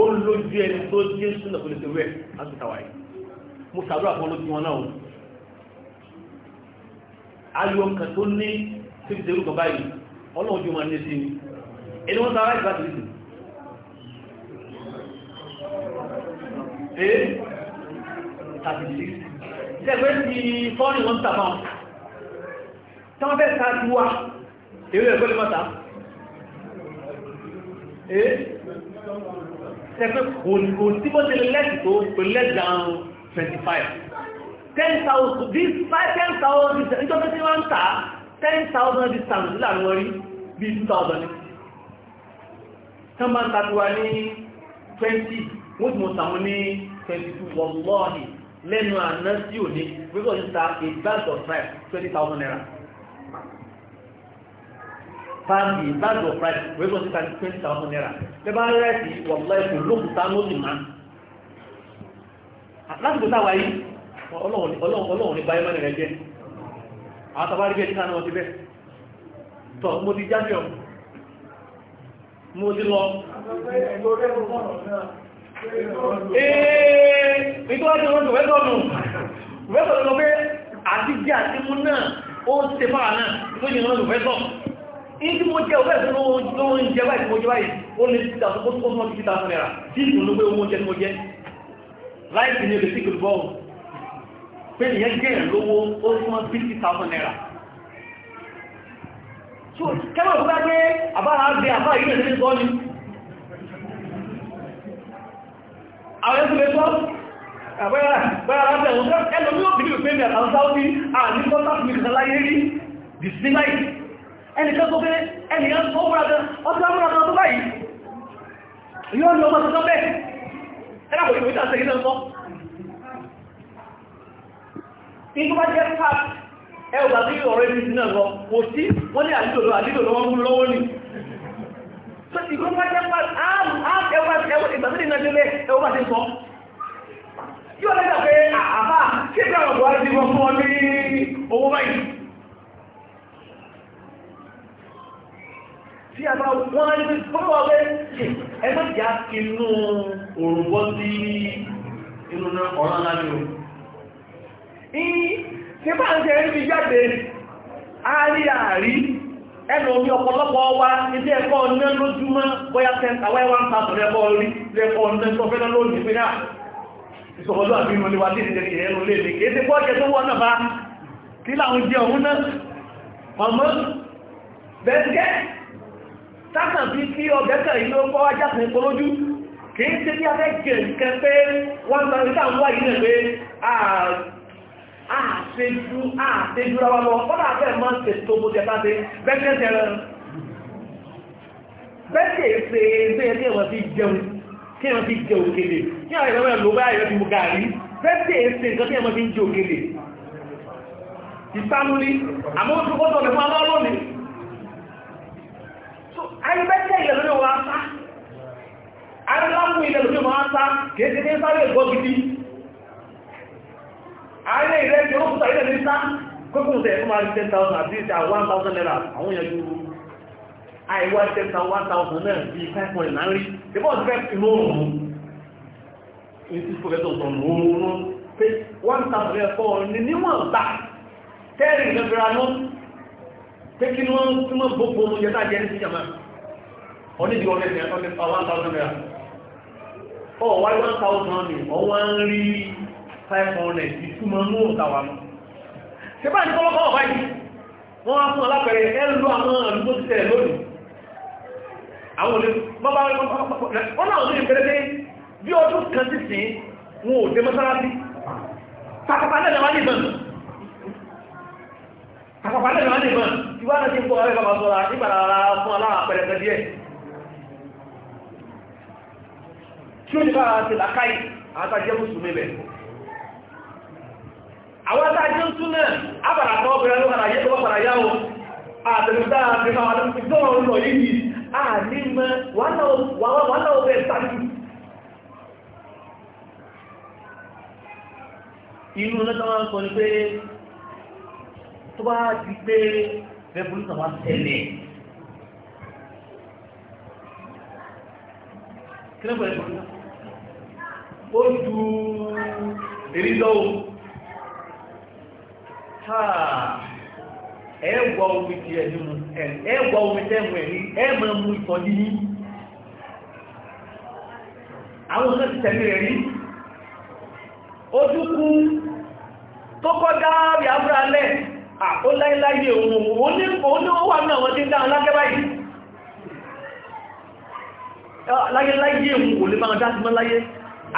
Speaker 2: ó lójú ẹni tó jẹ́ súnà kò lè ṣe wẹ̀ láti tàwa yìí mo ṣàdúrà fún olójú wọn náà o ayọ̀ kan tó ní síbi tẹ̀lú bàbá yìí ọlọ́run jù máa ní sí ni ẹni wọ́n sára ìgbà tìrìsì
Speaker 3: ee
Speaker 1: 36 ṣẹ́gbẹ́ ti
Speaker 2: fọ́ọ̀nì wọ́n tàbá tán fẹ́ sáájú wá èrò ẹ̀kọ́ lè mọ́ta ee ṣẹ́fẹ́ kò tí bó tẹ́lẹ̀ lẹ́sì tó pẹ̀lú less 25 10,000 this 5,000 ìjọba tí wọ́n ń 10,000 distance láàrin wọ́n rí bí 2,000 tán bá ń tàbí ní 20 wọ́n tí mo tàwọn ní 22 wọ́n lọ́ọ̀hìn lẹ́nu àná sí òní wípé ọdún ta a bag of rice 20,000 naira pàmì ìbáàdọ̀ price wọ́n tó ní twenty naira lẹ́bà rẹ́ẹ̀sì wọ̀lọ́ ẹ̀kùn lókùn tá ló sì máa láti tó táwa yìí ọlọ́run ní báyìí mọ́ni rẹ̀ jẹ́ àwọn tàbá rí bẹ́ẹ̀ títà náà ti bẹ́ẹ̀ tọ́ mo ti jáde ọ̀ mo ti lọ. ee ìtọ́ àti ọ̀rọ̀ ìwẹ́tọ̀nù ìwẹ́tọ̀nù lọ pé àti náà ó ti náà tó yẹ ọ̀rọ̀ ìdí mo jẹ́ ọ̀fẹ́ ìfẹ́ ló ń jẹ báyìí mo jẹ báyìí ó lè títà ó tó mọ́ títà fún ẹ̀rà tí ìtùn ló pé owó jẹ́ mo jẹ́ láìsí ní olè síkìlù bọ́ọ̀lù pé ìyẹn jẹ́ lówó ó tó mọ́ bí títà fún ẹ̀rà kẹ́mọ̀ tó bá gbé àbára gbé àbá ìlú ẹ̀sẹ̀ sọ́ ni àwọn ẹ̀sẹ̀ sọ́ àbẹ́rẹ́ àbẹ́rẹ́ àbẹ́rẹ́ ẹlòmí ò ẹnìkan tó bẹ́ ẹnìyàn tó múradán ọdún amúradán tó báyìí yóò ní ọmọ tuntun bẹ́ẹ̀ ẹlàpọ̀ ìwé tàṣẹ ilẹ̀ ń sọ ní tó bá jẹ́ pap ẹwà sí ọ̀rọ̀ ẹni sí náà lọ kò sí wọ́n ní àdídòdó àdídòdó wọn mú lọ́wọ́ ní Yóò lẹ́gbàá pé àbá kí ìgbà ọ̀dọ̀ àti ìwọ̀n fún ọ ní owó báyìí. tí a bá wọ́n á ní fọ́nà wà pé ẹ má jà inú òrùn bọ́ sí inú ọ̀rọ̀ ńlá ni o. ṣé bá ń ṣe ẹni fi jáde àárí àárí ẹnu omi ọ̀pọ̀lọpọ̀ wa ilé ẹ̀kọ́ ọ̀nà lójúmọ́ bóyá tẹ́ntàwẹ́ wá ń ta sọ̀rọ̀ ẹ̀kọ́ orí ilé ẹ̀kọ́ ọ̀nà tó fẹ́ lọ́lọ́dún pé náà ìṣòkòlú àbí ìmọ̀ ni wà ní ìdẹ̀kì ẹ̀rùn lè ní kéèdè pọ́ jẹ́ tó wọ́n náà bá kí láwọn jẹ́ òun bẹ́ẹ̀ sákàn bí kí ọbẹ̀ kàn yìí ló kọ́ wájà fún epo lójú kì í ṣe bí abẹ́ jẹ nǹkan pé wọ́n gba ìta ń wá yìí nà pé àṣejú àṣejú ra wa lọ kọ́dà abẹ́ máa ń ṣètò bó ṣe bá ṣe bẹ́ẹ̀ ṣe rẹ̀ bẹ́ẹ̀ ṣe ṣe ṣe ẹ̀wọ̀n fi jẹun kí ẹ̀wọ̀n fi jẹ òkèlè kí àwọn ìrọ̀lẹ́ ló bá ẹ̀rọ ti mú gàrí bẹ́ẹ̀ ṣe nǹkan tí ẹ̀wọ̀n fi ń jẹ òkèlè ìpamúlí àmọ́ ó tún kọ́ ayébẹ́tẹ̀ ilẹ̀ lórí wọn sá arílámù ilẹ̀ lórí wọn sá kéèkéé ní sáré ìgbọ́ gidi ààrẹ ilẹ̀ tí ó kúta ilẹ̀ ní sá kókùn tẹ̀ fún àrí 10,000 àti ìta 1,000 naira àwọn yẹn yúrú àìwá 10,000 náà bí 500 náà rí tẹ́bọ́ ti
Speaker 1: fẹ́ inú òun ní sí
Speaker 2: fòkẹ́tọ̀ sọ̀rọ̀ òun pé 1,000 ẹ̀kọ́ ní níwọ̀n gbà tẹ́rì ìgbẹ̀fẹ́ra náà pé kí ni wọ́n tí wọ́n gbogbo oúnjẹ tá jẹ́ ní síjàmá onídi ọdún ẹ̀sẹ̀ ọdún one thousand naira ọ wá one thousand ni ọwọ́ five hundred ìtumọ̀ ní òǹtà wa mọ́ ṣe bá ní kọ́lọ́kọ́ ọ̀bá yìí wọ́n wá fún alápẹ̀rẹ̀ ẹ lọ àwọn àdúgbò ti tẹ̀lẹ̀ lónìí àwọn olè bọ́bá wọn náà lóye pẹ̀lẹ́pẹ́ bí ọdún kan sì sìn wọn ò dé mọ́sálásí pàpàpà náà lè wá ní ìbọn pàpàpà náà wá ní ìbọn ṣùgbọ́n àti pọ̀ ẹgbẹ́ bàbá sọ́ra ah, nígbàrà fún aláwọ̀ pẹ̀lẹ̀pẹ̀ díẹ̀ tí ó ti bára ti làkáì àtàjẹ́ mùsùlùmí bẹ̀ àwọn àtàjẹ́ ń tún náà àbàrà kan obìnrin ló kàrà yẹ́ tó wọ́pàrà yá o àtẹ̀lẹ̀dá àti máa tó ti tọ́ ọ̀rọ̀ yìí àní mọ́
Speaker 4: wọ́n pé tó bá ti pé revolution wa ṣẹlẹ̀ kílẹ̀ pẹ̀lú
Speaker 3: revolution ó ju èrí
Speaker 4: lọ́wọ́
Speaker 1: ẹ̀wọ̀ omi ti ẹ̀mí
Speaker 2: mu ẹ̀wọ̀ omi tẹ́mù ẹ̀mí ẹ̀mọ̀ mú ìtọ́jú yí àwọn ọ̀sán ti tẹ̀lé rẹ̀ rí ó tún kú tó kọ́ dáàbì àbúrálẹ̀ A láíláyé òun òun ó wà náà wọ́n ti dá wọn lágẹ́ báyìí láyé láyé òun kò lè máa dá mọ́ láyé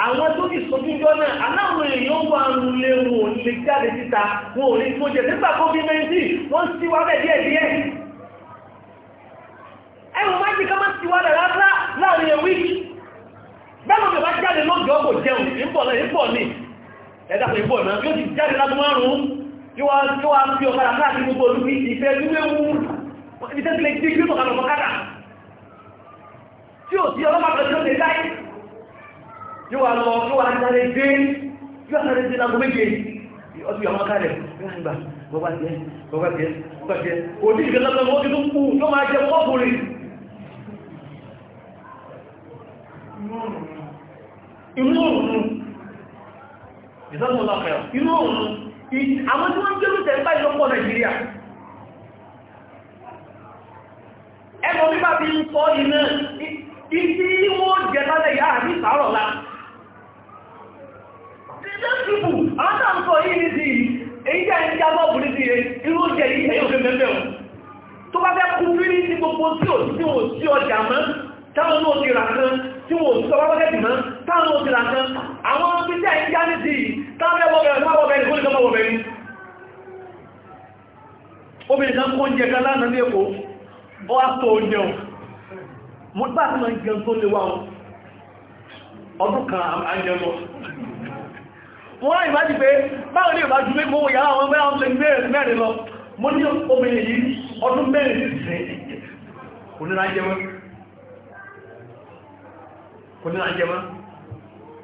Speaker 2: àwọn tó ti sojújọ́ náà aláwọn èèyàn wà ń lè wọn ò lè jáde síta wọn ò lè tó jẹ nígbà covid-19 wọ́n sí wá bẹ̀ díẹ̀ díẹ̀ ká sí wá láàrin kí wọ́n fi ọ̀kadà káàkiri gbogbo olú ní ìfẹ́ lúwéwú ìfẹ́ tí lè ti kí ọ̀kadà ọ̀kadà tí ò sí ọlọ́pàá tó lè láì kí wọ́n lọ kí wọ́n sáré dé kí wọ́n sáré dé lágbo méje
Speaker 4: ọtí ọmọ kálẹ̀ gbà bọ́bá tiẹ̀ bọ́bá tiẹ̀ bọ́bá tiẹ̀ òní ìgbẹ́
Speaker 2: lọ́sọ̀ mọ́ títún kú àwọn tí wọ́n jẹ́rù tẹ̀lé báyìí lọ́pọ̀ nàìjíríà ẹmọ bí bá fi ń sọ iná ìdí wọ́n jẹ lálẹ́ ìyá àrí ìsàárọ̀ lá tó bá fẹ́ kú fírí sí gbogbo tí ò sí ò sí ọjà mọ́ táwọn ní òkèrà kan tí wọ́n sọ wọ́n gẹ́gẹ́ mọ́ táwọn òkèrà kan àwọn ọmọ pípẹ́ ìyá ní ti tábẹ́ bọ́bẹ̀rẹ̀ má bọ́bẹ̀rẹ̀ kó ní kọ́ bọ́bẹ̀rẹ̀ obìnrin kan kó jẹ kan lánàá ní èkó ọ wá tó jẹun mo bá ti máa jẹun tó léwá ọdún kan àjẹun lọ wọ́n láì máa ti pé báwọn ní ìbájú pé mọ́wọ́ yàrá àwọn mẹ́rin ọmọ ẹgbẹ́ mẹ́rin lọ mo ní obìnrin yìí ọdún mẹ́rin sí kò nílá jẹun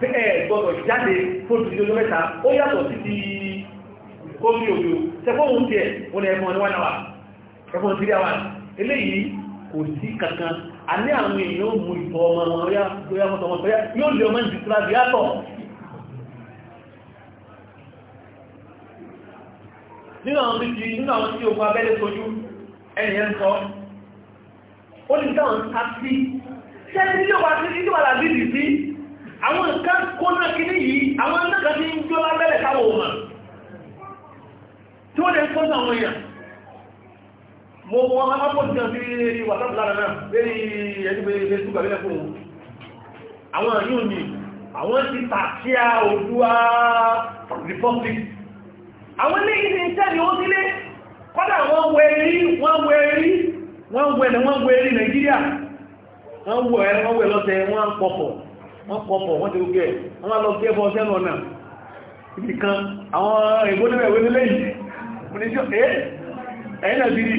Speaker 2: pé ẹ gbọ́dọ̀ jáde fún ti lójó mẹ́ta ó yàtọ̀ sí ti kómi òjò tẹfóhùn tiẹ̀ ó ní ẹfọn ní wọ́n náwà ẹfọn tírí àwọn eléyìí kò sí kankan a ní àwọn èèyàn mú ìtọ́ ọmọ wọn yóò lè ọmọ ìdí tíra yàtọ̀ nínú àwọn tí nínú àwọn tí ogun abẹ́lé sojú ẹnìyàn sọ ó ní táwọn sá sí ṣé ní ìjọba sí ìjọba làbí dì sí wàtọ́pù lára náà lérí ẹgbẹ́ facebook abẹ́lẹ̀ fún òun àwọn yóò ní àwọn ti tàkíà Oòduà republic àwọn léyìn ní ìtẹ́lẹ̀ ó sílé kọ́dà wọ́n wọ ẹ̀rí wọ́n wọ ẹ̀rí wọ́n wọ ẹ̀rí wọ́n wọ ẹ̀rí nàìjíríà wọ́n wọ ẹ̀rí wọ́n wọ ẹ̀rí lọ́tẹ̀ wọ́n pọ̀pọ̀ wọ́n pọ̀pọ̀ wọ́n ti gẹ́ wọ́n lọ gẹ́bọ̀ sẹ́nu ọ̀nà ibi kan àwọn ìgbónúwẹ̀wẹ̀ nílé yìí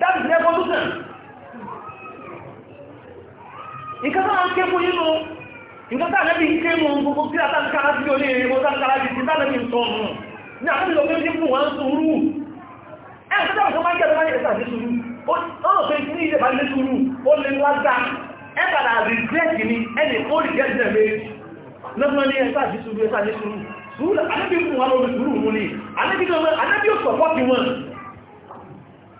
Speaker 2: that is revolution nǹkan tó ń ké fún yínú nǹkan tó àlẹ́bí ń ké mú gbogbo tí a tàbí kára sí olè ìwọ̀n tàbí kára sí tàbí ń tọ́ nù ní àkókò tó ń fún wọn sùúrù ẹ̀ tó tàbí tó máa ń jẹ́ àti ìsàdé sùúrù ó rò pé ní ilé bá lé sùúrù ó lè lágbá ẹ̀ padà rìgírẹ́tì ni ẹni ó rìgírẹ́tì náà méjì lọ́gbọ́n ní ẹ̀ sáàdé sùúrù ẹ̀ sáàdé sùúrù sùúrù àlẹ́bí fún wọn lórí sùúrù mú ni àlẹ́bí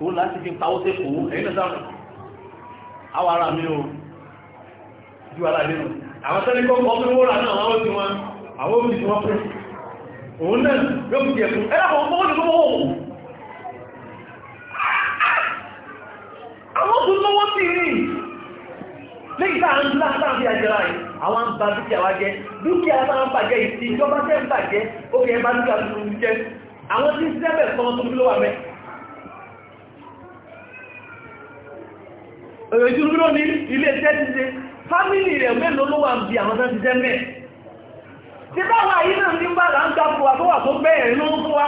Speaker 2: òun láti fi pawó sí kòó ẹ̀yìn náà sáwọn àwọn ará mi ò ju ara ilé nù àwọn tẹ́lẹ̀ kọ́ kọ́ fún wúrà náà àwọn òsì wọn àwọn òsì tí wọ́n fún òun náà yóò fi jẹ̀kú ẹ láwọn ọmọ òsì lọ́wọ́ òun àwọn òsì lọ́wọ́ sí rí lẹ́yìn tá à ń lá sáà fi àjẹrà yìí àwọn ń ba dúkìá wa jẹ dúkìá máa ń bàjẹ́ ìsìn ìjọba tẹ́ ń bàjẹ́ ó fi ẹ bá dúkìá tuntun jẹ àwọn tí ń sẹ́bẹ̀ kan tó fi lówà mẹ́ ìjúrúgbìnà ní ilé iṣẹ́ ti ṣe fámílì rẹ̀ mélòó ló wà ń bi àwọn tán ti jẹ́ mẹ́ ti báwa yìí náà ní bá là ń ga fún wa tó wà tó bẹ́ẹ̀ ló ń fún wa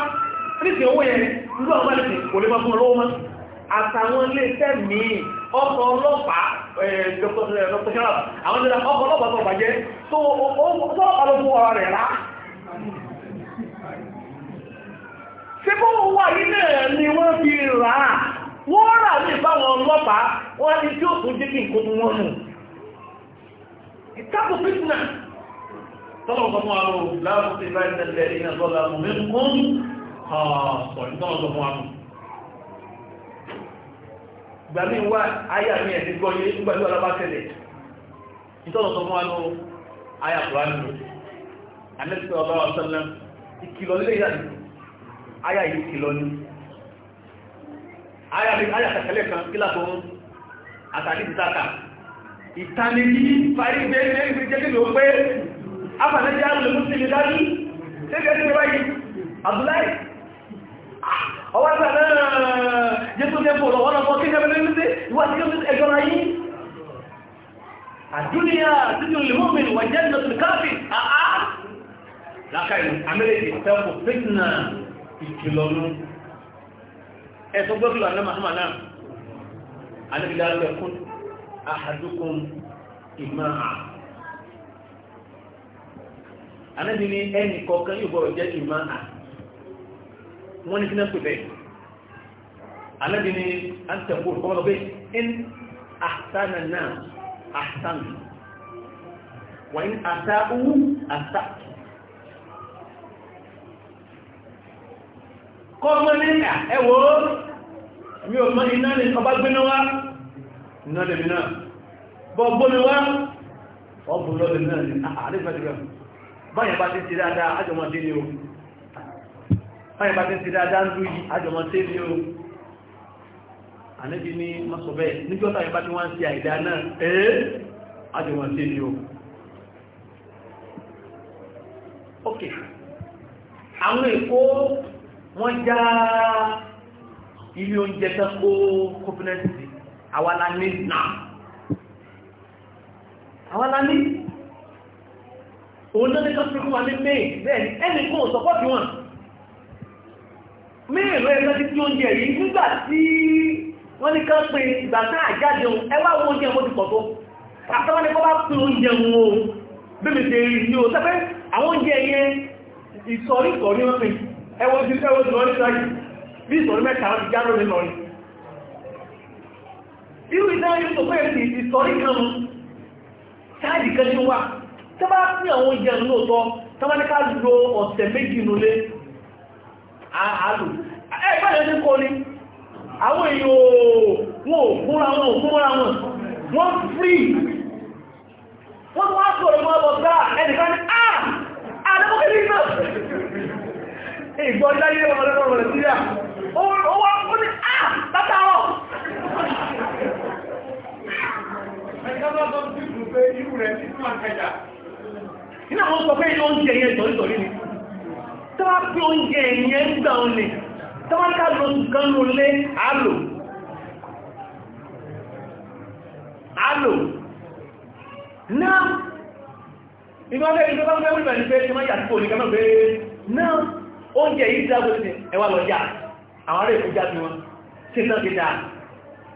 Speaker 2: nítorí owó yẹn nígbà wọn bá lè fi kò lè máa fún ọlọ́wọ́ mọ́ àtàwọn ilé iṣẹ́ míì ọkọ̀ ọlọ́pàá ẹ̀ẹ́dọ́kọ̀ṣọ́lá àwọn ìlànà ọkọ̀ wà yìí náà ni wọ́n fi rà wọ́n rà ní ìbáwọn ọlọ́pàá wọ́n ní tí ó tún jẹ́ kí nǹkan wọn nù ìtàkù fitna tọ́lọ̀kọ́ fún àwọn olùdáàbò tí bá ìtẹ̀lẹ̀ ìyẹn tọ́lá mú mi kún ọ̀sọ̀rọ̀ tọ́lọ̀kọ́ fún àwọn ìgbà mí wá ayé àmì ẹ̀sìn gbọ́ yé nígbà tí wọ́n bá tẹ̀lẹ̀ ìtọ́lọ̀kọ́ fún àwọn ayé àkùrá nù àmẹ́sìtẹ̀ ọba ọ̀sán náà ìkìlọ̀ lílé yàtọ̀ ayàtàkẹ́lẹ̀ kan kí látọ̀ ohun àtàkì ìtàkà ìtànìyí parí gbé ẹgbẹ́ jẹ́ kí ló pé afẹ́lẹ́jẹ́ àrùn mùsùlùmí dájú tẹ́gẹ́ tí wáyé Abdullahi ọwọ́ ìgbà náà jésù jẹ́ bọ̀lọ̀ wọ́n lọ́pọ̀ kí jẹ́ bẹ̀rẹ̀ ní sí ìwádìí ẹjọ́ ayé àdúnìyà títí olùmọ́mìn wà jẹ́ nọ́tún káfí àá lákàrí amẹ́rẹ́kì tẹ́kù fitna ìkìlọ̀nù ẹ̀sọ́ gbọ́sùlù anẹ́màtúmà náà anẹ́bìlá lẹ́kún àhàdùkún ìmáà anẹ́bì ní ẹnì kọ̀ọ̀kan yóò gbọ́rọ̀ jẹ́ ìmáà wọ́n ní kíná pẹ̀lẹ̀ anẹ́bì ní àtẹ̀kù kọ́mọ́lọ́ pé in àtànà náà kọ́mọ́ ní ẹwọ́ mi ò mọ́ iná ọba wá náà bọ́ wá ọbùn náà ah, ah, àrífẹ́dìgbà bá ti ti dáadáa ajọmọ́dé ni o báyẹ̀ bá ti ti dáadáa ń lú yìí ajọmọ́dé ni o àníbi ni mọ́sọ̀bẹ́ níjọ́ táyẹ̀ ti wá ń ṣe àìdá náà ok àwọn èkó wọ́n já ilé oúnjẹ tán kó kọ́pínẹ́tì àwa la ní nà àwa la ní òun náà ní fún wa ní bẹ́ẹ̀ ẹnì sọ́pọ́tì wọn mail rẹ̀ lọ́dí tí oúnjẹ yìí nígbà tí wọ́n ní pé ìgbà náà àjáde ohun ẹ wá oúnjẹ wọn ti pọ̀ tó àtàwọn ẹni kọ́ bá pín oúnjẹ wọn o bẹ́ẹ̀ mi ṣe rí ni o ẹwọ́n ti fẹ́wọ́ ti lọ ní sáyì bí ìsọ̀rí mẹ́ta ti já lórí lọ ní irú ìdáyé tó pẹ́ ti ìsọ̀rí kan mú sáàdì kan ní wà tó bá ní àwọn oúnjẹ lóòtọ́ tó bá ní ká lo ọ̀sẹ̀ méjì nulé àálù ẹgbẹ́rẹ̀ ní kọ́ ni àwọn èèyàn wọn ò fúnra wọn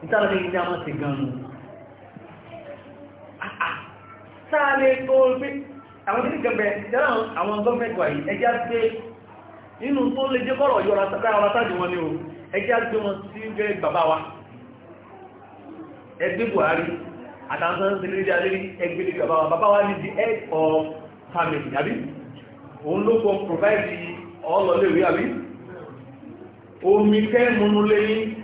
Speaker 2: ìtàlẹ̀ ní ilé àwọn ti gan-an ah, ah. sáàlẹ̀ tó gbé àwọn tí gẹ̀bẹ̀ jẹ́rà àwọn gọ́ọ̀mẹ́ntì wáyé ẹjá gbé inú tó lè jẹ́ kọ́rọ̀ yọ ara sáàdì wọn ni o ẹjá gbé wọn sí gbé bàbá wa ẹgbẹ́ Buhari àtàwọn ẹgbẹ́ bàbá wa wa ní the head of family àbí òun ló kọ́ provide ọlọ́lẹ́wé àbí omi kẹ́ múnú lẹ́yìn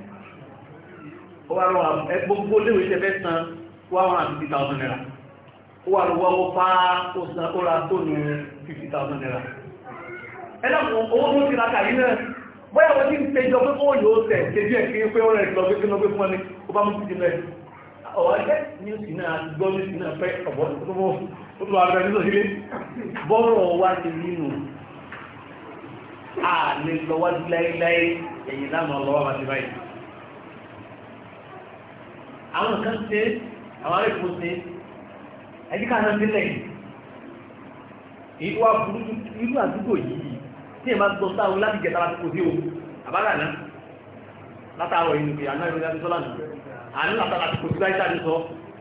Speaker 2: ó wá lọ́wọ́ gbogbo léwé tẹ́ fẹ́ san wá wọn àti fifty thousand naira ó wá lọ́wọ́ owó pa ó san ó ra tóònù fifty thousand naira
Speaker 3: ẹ lọ́kùn owó tó
Speaker 2: ti ra kàrí náà bóyá wọ́n ti ń pejọ pé kó yóò tẹ̀ kéjì ẹ̀ kí pé ó rẹ̀ lọ pé kí ló gbé fún ọ ní ó bá mú títí lẹ̀ ọ̀wọ́ ẹgbẹ́ ní oṣù náà gbọ́
Speaker 4: ní oṣù àwọn kan ṣe àwọn ará ìfò ṣe ẹjíká náà sílẹ̀
Speaker 2: ìlú àbúrúkú ìlú àdúgbò yìí tí èèmà gbọ́ sáwọn láti jẹta láti kò sí o àbára náà látàrọ ìlú pé àná ìrìnàjò sọ́lá nù àní látàrọ àti kò sí láì sáré sọ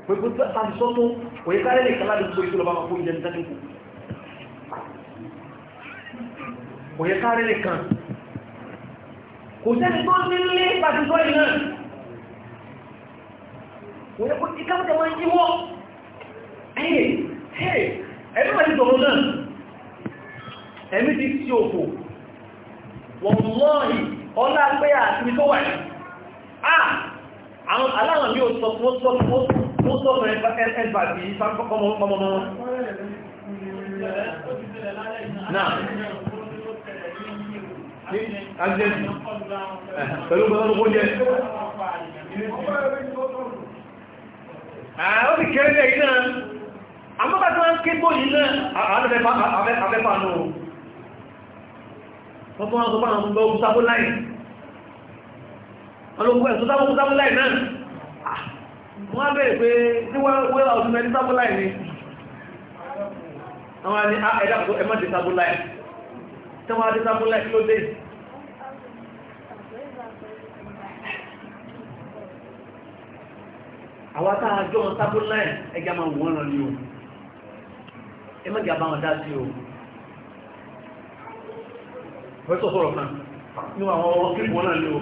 Speaker 2: pé kó sáfi sọ tó kò yẹ kárẹ́ lè kálá àdúgbò ìṣòro bá máa kó ìjẹni sáré kù kò yẹ kárẹ́ lè kàn kò sẹ́ni tó ní lé pàtó sọ́ náà wọ́n kó ti káwọ́ tẹ̀wọ́ yí wọ́ ẹ̀mí wà ní tọ̀rọ náà ẹ̀mí ti sí òfò wọ́n mọ́ọ̀lì ọlá pé àti tó wà ní aláwọn bí ó sọ fún ó sọ fún ẹgbà bí i fọ́mọ́mọ́
Speaker 3: náà Pẹ̀lú gbọ́nà ló kó jẹ́.
Speaker 2: Ah, ó sì kéré lẹ́yìn náà àmọ́bà tí wọ́n ń ké gbóyìn náà àfẹ́fà nù wọ́n tó wọ́n tó máa ń lọ gúsábó láì ọlọ́gbọ́ ẹ̀ tó sábó gúsábó láì náà ah, wọ́n á bẹ̀rẹ̀ pé tí wọ́n wéra ọdún mẹ́rin sábó láì ni àwọn ẹ̀dá ẹ̀mọ́ ti sábó láì tí wọ́n á ti sábó láì kí ló dé
Speaker 4: àwọn tá jọ wọn sábó náà ẹja máa wọ́n o ẹ má o wọ́n tó kan ní àwọn ọmọ wọn
Speaker 3: náà
Speaker 2: ní o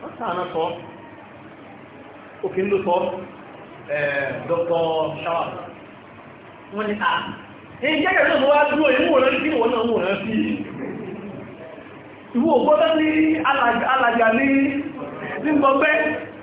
Speaker 2: wọ́n sàánà sọ òkè ń lò sọ wọ́n ní a èyí jẹ́gẹ̀ẹ́ náà wá dúró ìwọ̀n náà wọ̀n náà sí ìwọ̀n gbọ́dọ̀ ní alàjà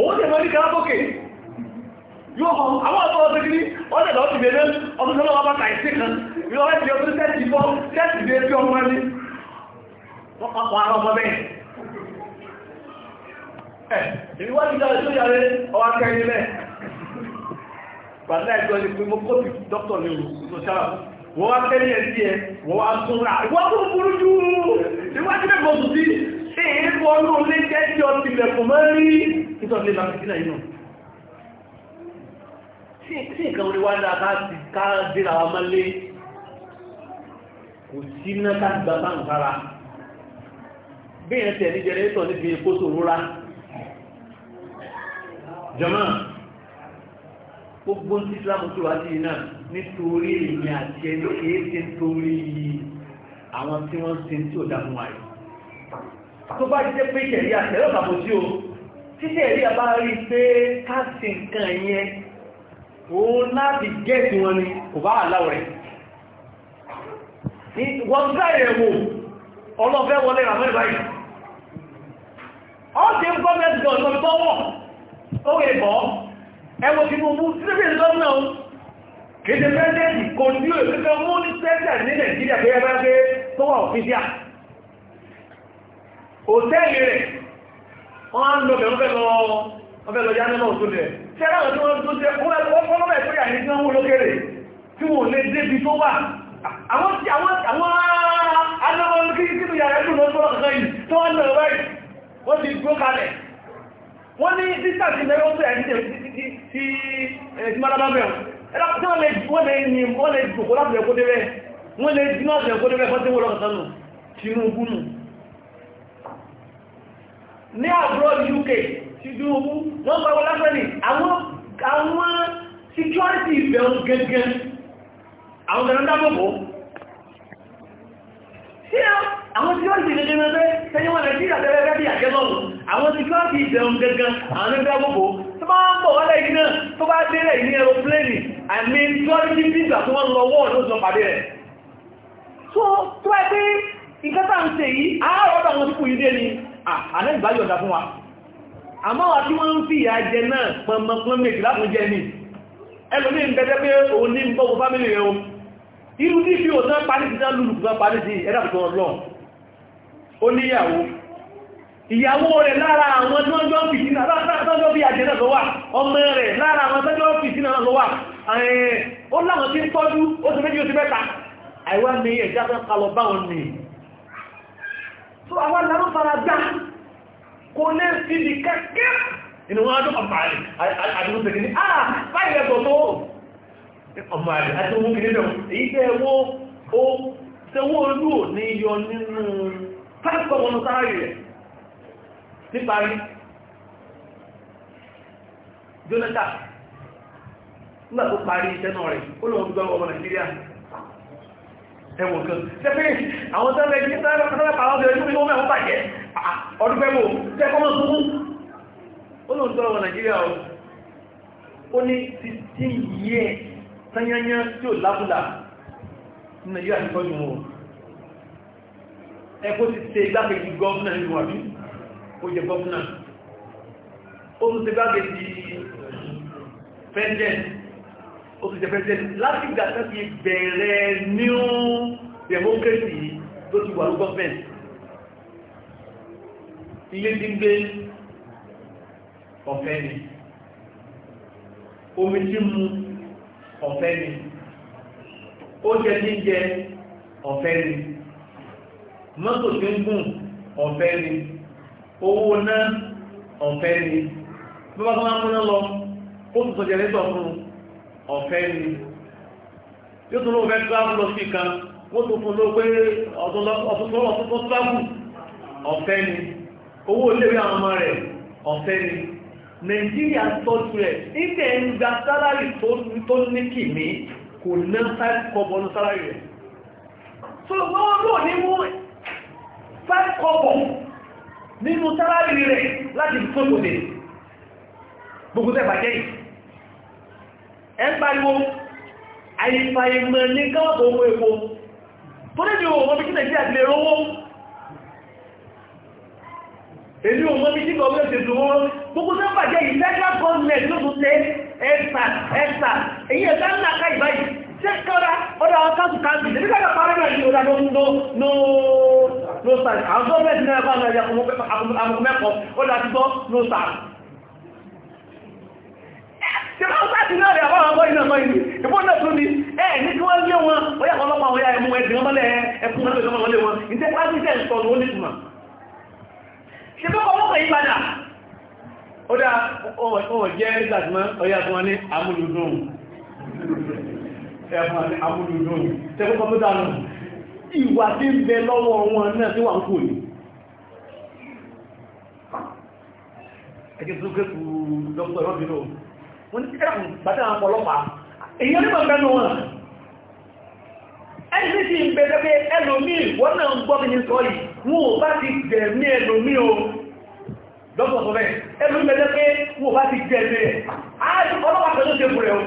Speaker 2: òun tẹ̀ mọ́ ní karábókè yóò fọ́ àwọn ọ̀tọ́ ọ̀tọ́ kiri ọ̀tẹ̀ lọ ti bẹ̀rẹ̀ ọdún tó lọ́wọ́ bá kà ìsìn kan yóò wá ti ọdún tẹ́tì bọ́ tẹ́tì dé bí ọmọ ní wọ́n papọ̀ ara ọmọ bẹ́ẹ̀ ẹ̀ èmi wá ti dára sóyà rẹ ọwá kẹrin lẹ gbàdá ẹgbẹ́ ni pé mo kóbi dókítà ní ẹ̀ sí ẹ wọ́n wá tún rà ìwọ́n tó burú jù ìwádìí mẹ́gbọ̀n èyí kọ́ ní olé jẹ́jẹ́ ọtí lẹ̀kùn mọ́ rí nítorí lè bàbá sílẹ̀ yìí sí nǹkan orí wá ní àbá ti ká dìra wa mọ́lé kò sí iná ká ti gbàgbà ń fara bí ìrìn tẹ̀lé jẹrẹ́tọ̀ níbi epo tó rúra jọmọ́ gbogbo tí islamu tó wá sí iná nítorí èmi àti ẹni kéé ti ń torí àwọn tí wọ́n ń tí ò
Speaker 1: dá fún wa yìí tó
Speaker 2: bá jẹ́ pé ìṣẹ̀rí àtẹ̀lọ́ tàbí sí o títẹ̀ rí àbá rí pé káàsì nǹkan yẹn òun láti gẹ́ẹ̀sì wọn ni kò bá àláwọ̀ rẹ̀ wọ́n sáyẹ̀ wò ọlọ́fẹ́ wọlé ràmẹ́ báyìí ọ́ ti ń òtẹ́ẹ̀lì rẹ̀ wọ́n á ń lọ bẹ̀ wọ́n fẹ́ lọ wọ́n fẹ́ lọ yá nínú òtún rẹ̀ tí aláwọ̀ tí wọ́n tó jẹ́ fọ́nà ẹ̀ pẹ́yà ní tí wọ́n wó lókèrè tí wọ́n lè débi tó wà àwọn aláwọ̀ kí nínú yàrá tó lọ́tọ́ lọ́kọ̀ọ́ yìí tó wọ́n lọ báyìí wọ́n ti gbó kalẹ̀ wọ́n ní distance mẹ́rin ó bẹ̀rẹ̀ ti maraba mẹ́rin ẹ̀rọ tí wọ́n lè wọ́n lè ní wọ́n lè jòkó láti ẹ̀kọ́ débẹ̀ wọ́n lè dín ní abroad UK ti dúnwó wọ́n pàwọ́ lásán ní àwọn security ìbẹ̀rún gẹ́gẹ́ àwọn ẹ̀rọ dábòbò sí àwọn security gẹ́gẹ́ mẹ́fẹ́ tẹ́yìn wọn nàìjíríà tẹ́lẹ̀ rẹ́bí àjẹ́bọ̀mù àwọn security ìbẹ̀rún gẹ́gẹ́ àwọn ẹ̀rọ dábòbò tó bá ń bọ̀ wọ́lẹ̀ iná tó bá délẹ̀ ní aeroplane mean security visa tó wọ́n lọ wọ́ọ̀ ló sọ pàdé rẹ̀ so tó ẹgbẹ́ ìkẹta ń ṣe yìí àárọ̀ Ah, àlẹ́gbà yọ̀dá fún wa àmọ́ wa tí wọ́n ń fi ìyà jẹ náà pọ̀mọ̀pọ̀n méjì láfún jẹ ní ẹlòmí ń bẹ́jẹ́ pé òun ní gbogbo fámílì rẹ̀ ohun irú tí fi òtán parí ti dá lùlù fún parí ti ẹ̀dàkùn ọlọ́run ó níyàwó ìyàwó rẹ̀ lára àwọn tọ́jọ́ fìtínà tọ́jọ́ bí àjẹ́ náà lọ́wà ọmọ rẹ̀ lára àwọn tọ́jọ́ fìtínà náà lọ́wà ó láwọn tí ń tọ́jú ó ti méjì ó ti mẹ́ta àìwá ni ẹ̀já fẹ́ kalọ̀ báwọn nìí tó àwọn aláwọ̀ fara dá kò lè fi lè kẹ́kẹ́ inú wọn adó ọmọ àlè àdúgbò tẹ̀lé ní àà báyìí ẹgbọ̀ tó ọmọ àlè àti ohun kìnnìkan èyí tẹ́ ẹwọ́ ó tẹwọ́ olú ò ní yọ nínú pẹ́sọ̀ wọn sáàrì rẹ̀ níparí Jonathan nígbà tó parí iṣẹ́ rẹ̀ ó ọmọ Nàìjíríà ẹwọ̀n kan tẹ́fẹ́ àwọn tẹ́lẹ̀ kí tẹ́lẹ̀ pàwọn tẹ́lẹ̀ tó fi wọ́n mẹ́wọ́n bàjẹ́ ọdún pẹ́mọ̀ tẹ́kọ́ mọ́ sunkún ó lóun tọ́rọ wọ Nàìjíríà o ó ní títí yẹ tányányá tí ó lábùlà Nàìjíríà ti tọ́jú wọn ẹ kó ti ṣe igbákejì gọ́ọ̀nà ìlú àbí ó jẹ gọ́ọ̀nà ó tún ṣe igbákejì pẹ́ńdẹ̀ntì ó ti jẹ president láti ìgbà tó ti bẹ̀rẹ̀ new democracy tó ti wà ní government ilé tí ń gbé ọ̀fẹ́ ni omi tí mu ọ̀fẹ́ ni oúnjẹ tí ń jẹ ọ̀fẹ́ ni mọ́tò tí ń gùn ọ̀fẹ́ ni owó náà ọ̀fẹ́ ni bí wọ́n bá máa múná lọ ó tún sọ jẹ́rẹ́tọ̀ fún un ọ̀fẹ́ ni yóò tún lóòfẹ́ tíráàbù lọ sí kan wọ́n tún fún ló pé ọ̀tún tó tíráàbù ọ̀fẹ́ ni owó iléèwé àwọn ọmọ rẹ̀ ọ̀fẹ́ ni nàìjíríà tọ́jú rẹ̀ nígbà ń gba sálárì tó ní kìíní kò ná five kọ́bọ̀ ní sálárì rẹ̀ so wọ́n lò ní mú five kọ́bọ̀ nínú sálárì rẹ̀ láti fi tó gbogbo tẹ́ bàjẹ́ yìí ẹ pariwo àìfà ìmọ̀ ní gọ́ọ̀bọ̀ owó epo tó ní bí òun bí nàìjíríà ti lè rówó èyí òun bí jíkọ̀ orílẹ̀ èdè lówó gbogbo tó bàjẹ́ yìí federal government ló tún tẹ ẹ̀sà ẹ̀sà èyí ẹ̀sà ń nàka ìbáyìí ṣe kọ́ra ọ̀dọ̀ àwọn káàkù káàkù ìdí káàkù parẹ́ náà ní ọ̀dà ló ń lọ ló ló sàn àwọn gọ́ọ̀mẹ̀ntì náà bá ń lọ ṣe máa sáàtì náà rẹ̀ àwọn ọmọ iná mọ́ ìlú ìbọn náà tún ní ẹ̀ ní kí wọ́n lé wọn bóyá ọlọ́pàá wọn yá ẹmú ẹ̀dùn ọmọlẹ̀ ẹkùn mọ́lẹ̀ ìjọmọlẹ̀ wọn ìjẹ́ pàtí ìjẹ́ ìsọ̀ ní ó ní ìtumọ̀ ṣe bọ́ ọlọ́pàá yí padà ó dá ọwọ̀ jẹ́ ìgbàtìmọ́ ọyá fún wọn ní amúlùdùn tẹ́kọ́ kọ́pútà náà ìwà tí ń bẹ lọ́wọ́ wọn náà tí wà ń kò ní ẹgbẹ́ tó kẹ́kù lọ́pọ̀ ẹ̀rọ́bìnrin wọ́n ní kíkẹ́ àwọn bàtà àwọn ọlọ́pàá èyí onímọ̀ mẹ́nu wọn ẹni tí ti ń bẹ̀rẹ̀ pé ẹlòmíì wọ́n náà ń gbọ́ mi ní sọ yìí wọn ò bá ti gbẹ̀mí ẹlòmíì o lọ́pọ̀ sọ bẹ́ẹ̀ ẹlòmíì bẹ̀rẹ̀ pé wọn ò bá ti gbẹ̀mí ẹ̀ ọlọ́pàá pẹ̀lú ṣe fún rẹ̀ o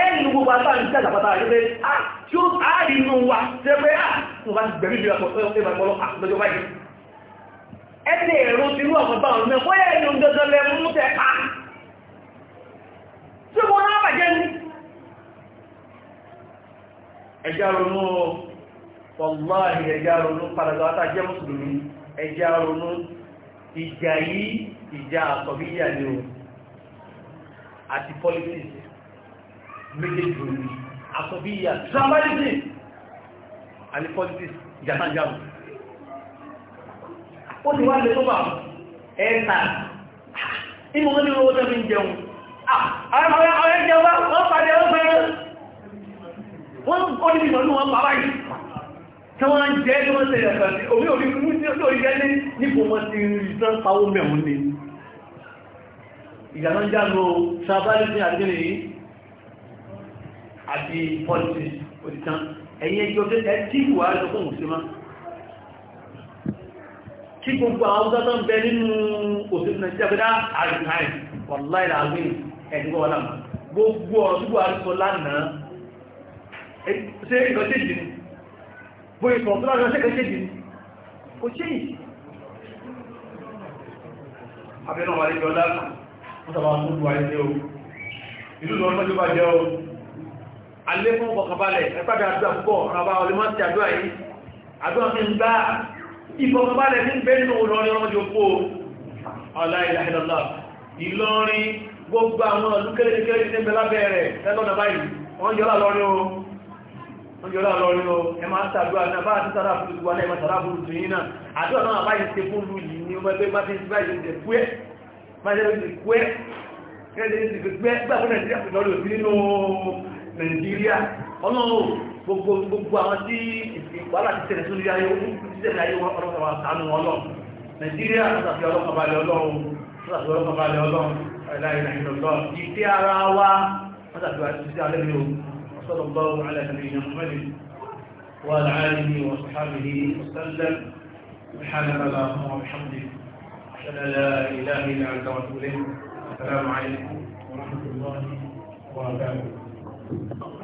Speaker 2: ẹni gbogbo àbá ń tẹ́lẹ̀ àpáta rẹ̀ pé a tí ó ààrí inú wa tẹ́ pé a wọn bá ti gbẹ̀mí ìgbẹ̀rẹ̀ pọ̀ tí mo náà bàjẹ́ ní ẹjá ronú wọ́láhì ẹjá ronú padàgbà àtàjẹ́ mùsùlùmí ẹjá ronú ìjà yìí ìjà àkọ̀bíyà ni o àti politics
Speaker 1: méjèèjì òní
Speaker 2: àkọ̀bíyà tribalism àti politics jàmájàmù ó ti wá lè tó bà ẹ̀ẹ́ta inú wọn owó tẹ́ ń jẹun àwọn ọ̀rẹ́ ìjọba wọ́n pàdé ọgbẹ̀rẹ̀ wọ́n kọ́ níbi ìlú wọn bàbá yìí tí wọ́n jẹ́ tí wọ́n tẹ̀lẹ̀ pẹ̀lú sí orí gẹ́lẹ́ nípò tí ìwà rẹ̀ fún òṣèmá gbogbo àwọn tó ń bẹ nínú òṣèlú nàìjíríà pẹ̀lú ẹ̀dùnkọ́ wọn náà gbogbo ọ̀rọ̀ tó buhari sọ lánàá ṣe ìrọ̀ṣẹ́jì ni bóyí sọ tó láàrin ọ̀ṣẹ́kẹ́ṣẹ́jì ni kò ṣe yìí abẹ́nà wà ní ọlá
Speaker 4: mọ́sàbà fún buhari jẹ́ o
Speaker 2: ìlú lọ mọ́jú bá jẹ́ o alẹ́ fún ọkọ̀kabalẹ̀ ẹgbàdà àdúrà púpọ̀ ọ̀rọ̀bá ọlẹ́mọ́sí àdúrà yìí àdúrà fi ń gbá ìfọ̀kọ̀balẹ̀ ní bẹ́ẹ̀ nínú ọlọ́rin ọmọdé òpó ọlá ìlàhìlọ́lá ìlọrin gbogbo àwọn ọ̀lú kéréjìkéréjì ní belábẹ́ rẹ̀ lẹ́lọ́nà báyìí wọ́n yọ́lá lọ́rí o wọ́n yọ́lá lọ́rí àti sára fún ìwà náà sára fún ìtò yìí àti ọ̀nà àbáyìí ṣe fún lù yìí ní ọmọ ẹgbẹ́ martin spice ṣe nàìjíríà pẹ̀lú ọ̀rọ̀ sí nínú ọlọ́run aláìlá ìlọ́lọ́ ìfẹ́ ara wa wọ́n tàbí wá sí alẹ́bí o sọ́dọ̀
Speaker 1: bá wọ́n alẹ́bí ìyàn mọ́lẹ̀ wà láàárín wọn sàhábìlì sọ́lẹ̀ ìhànàbàlà fún ọmọdé ṣẹlẹ̀ ìlànà ìlànà ìlànà ìlànà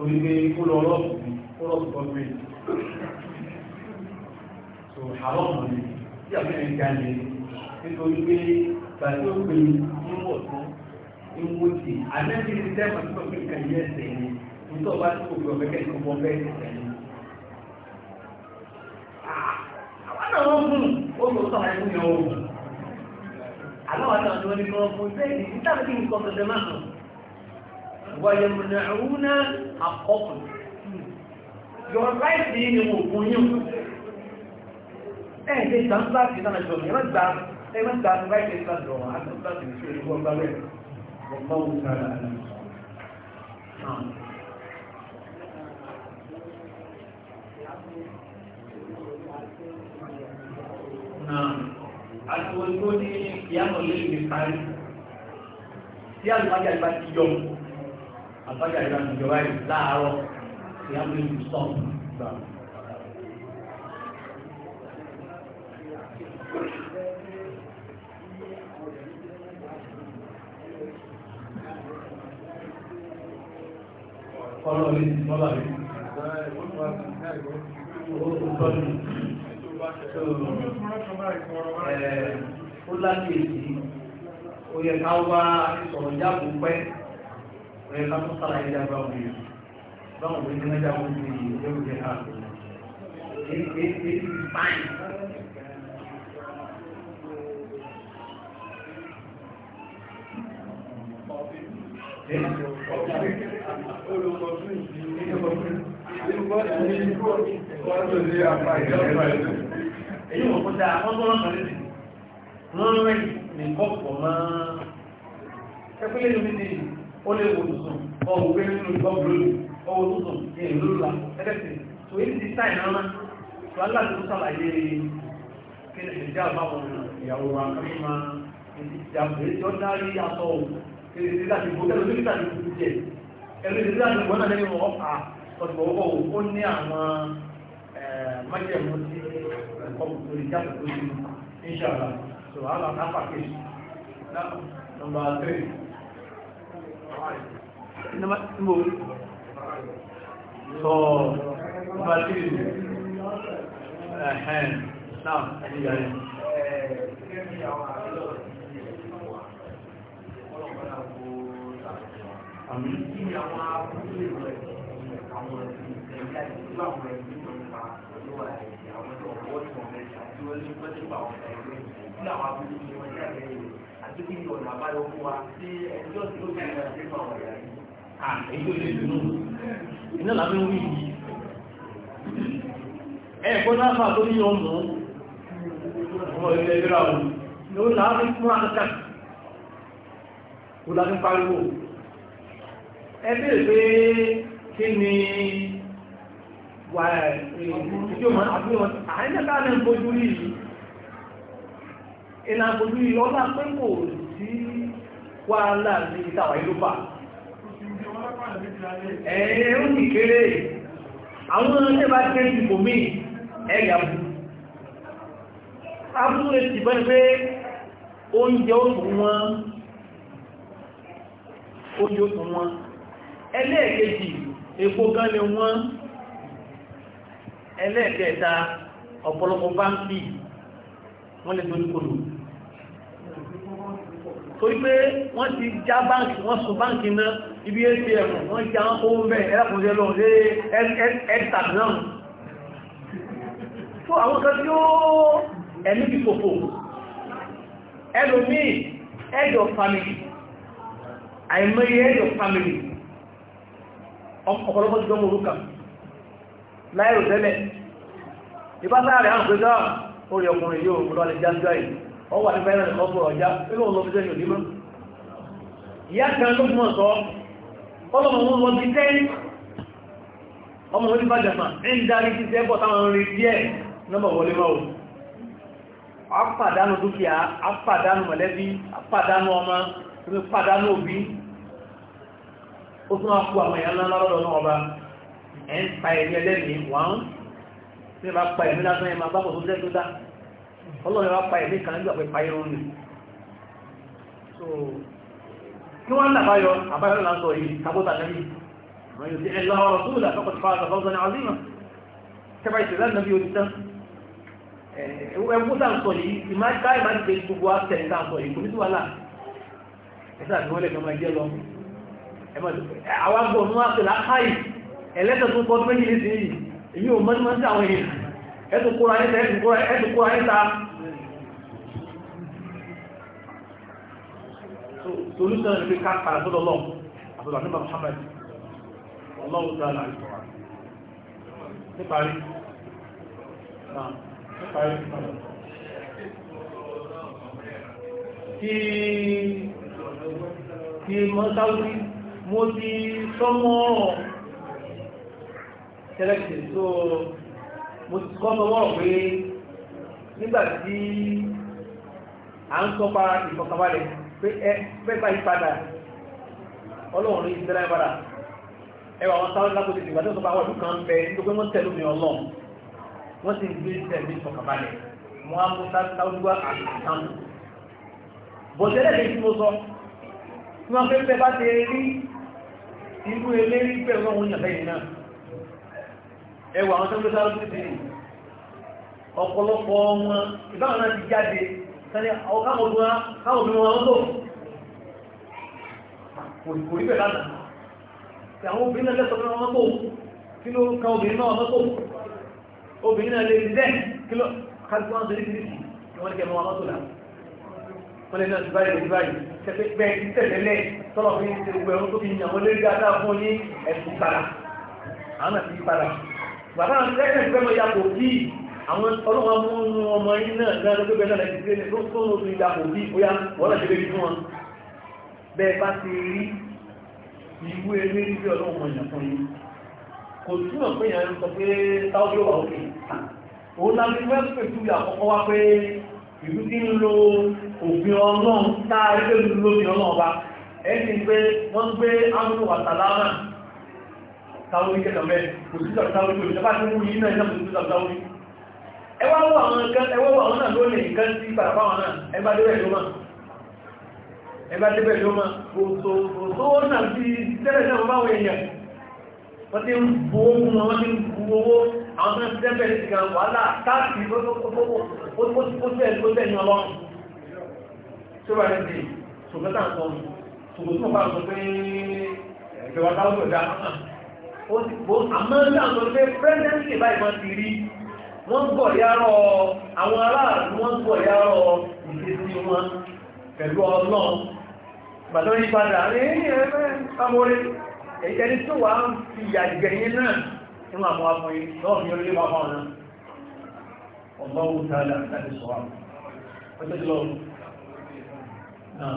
Speaker 1: torí pé ó lọ ọlọ́pùpù ó lọ́pùpù pé so àlọ́pù ni tí a fẹ́rẹ̀ jáde nítorí pé gbàtí ó pe níwọ̀ tán níwọ̀ tì àmẹ́bí ti tẹ́mà tó pé nǹkan yẹ ẹsẹ̀ ni nítorí bá tí kò fi ọ̀fẹ́ kẹ́kẹ́ ọmọ bẹ́ẹ̀ ẹsẹ̀ ni.
Speaker 4: Ah, àwọn náà wọ́n fún ó lọ sọ àìmúyàn oògùn àlọ́ àtàwọn ni wọ́n ní kí wọ́n fún sẹ́yìn títàbí kí nǹkan tọ̀tẹ̀ máa hàn ويمنعون
Speaker 2: حقكم
Speaker 1: your right ni ni mo fún yín
Speaker 2: eh de tan ba ti na jo ni ma gba e ma gba right ní ìyá
Speaker 4: tí àlùmájà ìbá ti yọ àgbájá ìlànà ìjọba yìí láàárọ̀ ìyàwó ìlú stop gbà.
Speaker 1: Ọlọ́run ní ìmọ́lá rẹ̀. Eh, ó láti èsì, ó
Speaker 4: yẹ ká wá ìsọ̀rọ̀ jáàbù pẹ́ òye ká tó sára ilé
Speaker 1: agbá wọn yìí báwọn òye náà já wọn sí ilé òye ká èyí
Speaker 4: èyí èyí
Speaker 3: báyìí. Èyí wọ̀n kó
Speaker 1: dáa, wọ́n tó lọ́nà lórí. Lọ́rọ̀
Speaker 2: rẹ̀ ní kọ́pọ̀ máa. Ẹ pé lẹ́nu mi dì í ó lè wò tuntun ọwọ́ òwe nínú ìgbọ́gbù lónìí ọwọ́ tuntun ní ìlú ńlá ẹgbẹ́sìn tó yìí ti sáì náà má tó aláàbò tó sàlàyé kí ni ìjà àbáwọn ìyàwó wa kàmí máa ìjàmbá èyí tó dárí aṣọ kí ni ìdílé àti ìgbókẹ́ lórí ìdílé àti ìgbókẹ́ jẹ ẹ̀rọ ìdílé àti ìgbókẹ́ náà lẹ́yìn wọn
Speaker 1: ọ̀pá ọ̀dùnmọ̀wọ́ ó ní àwọn májẹ̀mú tí ẹ̀kọ́ lórí ìjàmbá tó ti ń ṣàlàyé so àwọn àtàkùn àkejì náà nọmba three níbo sọ bàtírí ẹ̀hẹ́n náà ẹ̀yà rẹ̀ Àmì ìyí àwọn abúlé rẹ̀ àwọn àti kí ọ̀nà àbáyọ fún wa sí ẹjọ́ tí ó ti ń bẹ̀rẹ̀ nínú àwọn ìyá yìí. à èyí iná
Speaker 2: làbí wí yìí. ẹ kó náà tó ní ọmọ
Speaker 1: ọmọ ilẹ̀ ìlera
Speaker 2: o ni ó là fi fún àkàkà kó láti pariwo. ẹ bèèrè pé kí
Speaker 4: ni wà ẹ̀ ẹ̀ ìjọba àbúrò
Speaker 2: àìsàn ká ní ojú rí yìí ìlànà ojú ìlọ́lá pé kò sí wàhálà ní ìtàwà ìlúpà ẹ̀yẹ ó sì kéré àwọn ẹgbẹ́ bá kéré ìbò mí ẹ̀yà bú abúrú ti bẹ́ẹ̀ pé oúnjẹ oṣù wọn oúnjẹ oṣù wọn ẹlẹ́ẹ̀kejì epo gan ni wọ́n ẹlẹ́ẹ̀kẹta ọ̀pọ̀lọpọ̀ báńkì wọ́n lè tó ní kòlù torí pé wọ́n ti já báǹkì wọ́n sọ báǹkì náà ibi atm wọ́n já ohun bẹ́ẹ̀ ẹlẹ́kùnrin lọ sí ẹ́tàk náà tó àwọn kan tí ó ẹ̀mí ti fòfò ẹlòmí ẹjọ family àìmọye ẹjọ family ọ̀pọ̀lọpọ̀ ti gbọ́mọ̀ orúkà láìrò tẹ́lẹ̀ ìbátá rẹ̀ àwọn òpéjọ́ orí ọkùnrin yóò lọ́lẹ̀ jáde ọwọ́ àti fẹ́ràn lè lọ́pọ̀ ọjà pẹ̀lú òun lọ́pọ̀ sẹ́yìn òdímọ́ ìyá kan ló mọ̀ sọ ọlọ́mọ wọn lọ sí tẹ́ ọmọ wọn ti bá jàmà ń darí sí sẹ́pọ̀ o ẹ̀ ń pa ẹ̀mí ẹlẹ́mìí wọ́n pa ẹ̀mí lásán bá tó jẹ́ tó ọlọ́run wá pa ẹ̀mí kan nígbà pé payé rún ni kí wọ́n là báyọ̀ àbáyọ̀ là ń sọ yìí kábọ́tà lẹ́yìn àwọn yóò ti ẹ̀ lọ ọ̀rọ̀ tó là fọ́kọ̀ tó fà àgbà fọ́sọ́ ní àzímà tẹ́fà ìṣẹ̀lẹ̀ náà bí oníṣẹ́ ẹ̀wọ́n tá ń sọ yìí ìmájá ìmájá ti gbogbo àtẹ̀ tá ń sọ yìí kò ní sí wàhálà ẹ̀sẹ̀ àti wọ́n lè kàn máa jẹ́ lọ àwọn agbọ̀n ẹ̀tù kúrò ayé ẹ̀tù kúrò ayé ta
Speaker 1: solúsàn ní pé ká Muhammad ọlọ́run tó àlàyé níparí níparí tí
Speaker 2: tí mọ́sáwí mo ti sọ́mọ́ tẹ́lẹ̀kì tó mo ti kọ́ mọ́ wọ́n pé nígbà tí à ń sọ pa ìfọ̀kànbalẹ̀ pé ẹ pẹ́pà ìpadà ọlọ́run ní ìdílé padà ẹwà wọn sáré lápòtì ìgbà tó sọ pa àwọn ọdún kan bẹ nítorí pé wọ́n tẹ̀lé mi ọlọ́run wọ́n sì ń gbé tẹ̀lé ìfọ̀kànbalẹ̀ wọ́n á mú sáwọ́dúgbà àti ìtàn bọ̀dẹ́lẹ̀ lè tí mo sọ tí wọ́n fẹ́ fẹ́ bá ti rí irú eléyìí pẹ̀lú àwọn òyìnbẹ̀yìn náà ẹwà àwọn tẹ́lú sáà lóṣù tìrì ọ̀pọ̀lọpọ̀ wọn ìbáwọn náà ti jáde sẹ́lẹ̀ káwọn obìnrin wọn tó kò rí bẹ̀rẹ̀ lánàá tí àwọn obìnrin náà lẹ́sọ̀ fún wọn tó kí ló ka obìnrin náà wọn tó obìnrin náà lè rí dẹ́ kí ló kájú wọn torí kìrìsì kí wọ́n kẹ́ mọ́ wọn tó là wọ́n lè náà ti báyìí lè báyìí kẹfẹ́ bàbá àwọn ẹgbẹ́ ìgbẹ́ mọ̀ yàgò bí àwọn ọlọ́wọ́ mú nínú ọmọ yìí náà náà ló gbẹ́gbẹ́ náà lẹ́gbẹ́ ní tó tó lóbi yàgò bí bóyá wọ́n lọ́jọ́ lórí fún wọn bẹ́ẹ̀ bá ti rí ìwé eré níbi ọlọ́wọ́ mọ̀ yàn fún yín kò túmọ̀ pé yàn ń sọ pé táwọn yóò wà òkè òun náà fi wẹ́n pè tú àkọ́kọ́ wá pé ìlú ti ń lo òfin ọlọ́run sáwórí kẹta mẹ́ kò sí sọ̀rọ̀ sáwórí kò ìjọba tó mú yìí náà ìjọba tó sọ̀rọ̀ sáwórí ẹwà wọ àwọn nǹkan ẹwà wọ àwọn náà lónìí nǹkan sí pàràpá wọn náà ẹgbà débẹ̀ ló mà ẹgbà débẹ̀ ló mà kòtò kòtò náà fi tẹ́lẹ̀ náà bá wọn èèyàn wọ́n ti ń bu owó fún wọn wọ́n ti ń bu owó àwọn tó ń tẹ́bẹ̀ ní ìgbà wàhálà káàkiri ó tẹ́ tó tẹ́ ní ọlọ́run tó bá rẹ̀ dé ṣògbọ́n tàǹkan ṣògbọ́n tó bá sọ pé ẹ̀jọba táwọn tó dá ó sì bó àmọ́ńdà lọ pé pírẹ́sẹ̀ǹtì báyìí wọ́n ti rí wọ́n gbọ̀ yárọ̀ àwọn aráàlú wọ́n gbọ̀ yárọ̀ ìṣesí wọn pẹ̀lú ọlọ́run bàtọ́ yí padà ní ẹgbẹ́ amórí ẹni tó wà ń fi àgbẹ̀yìn náà nínú àwọn afọ̀yìn náà fi orílẹ̀ wà fáwọn náà ọgbọ́n ó tààdà láti sọ àwọn ọjọ́ ìlọ́run
Speaker 1: náà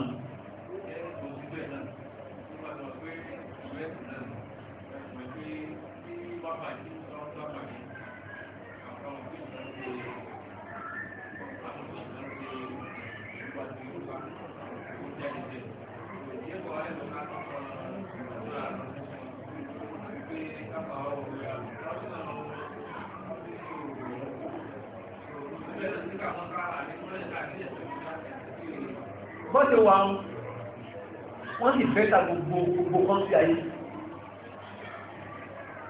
Speaker 1: bọ́sẹ̀ wà
Speaker 2: wọ́n sì fẹ́ gbogbo gbogbo kan sí ayé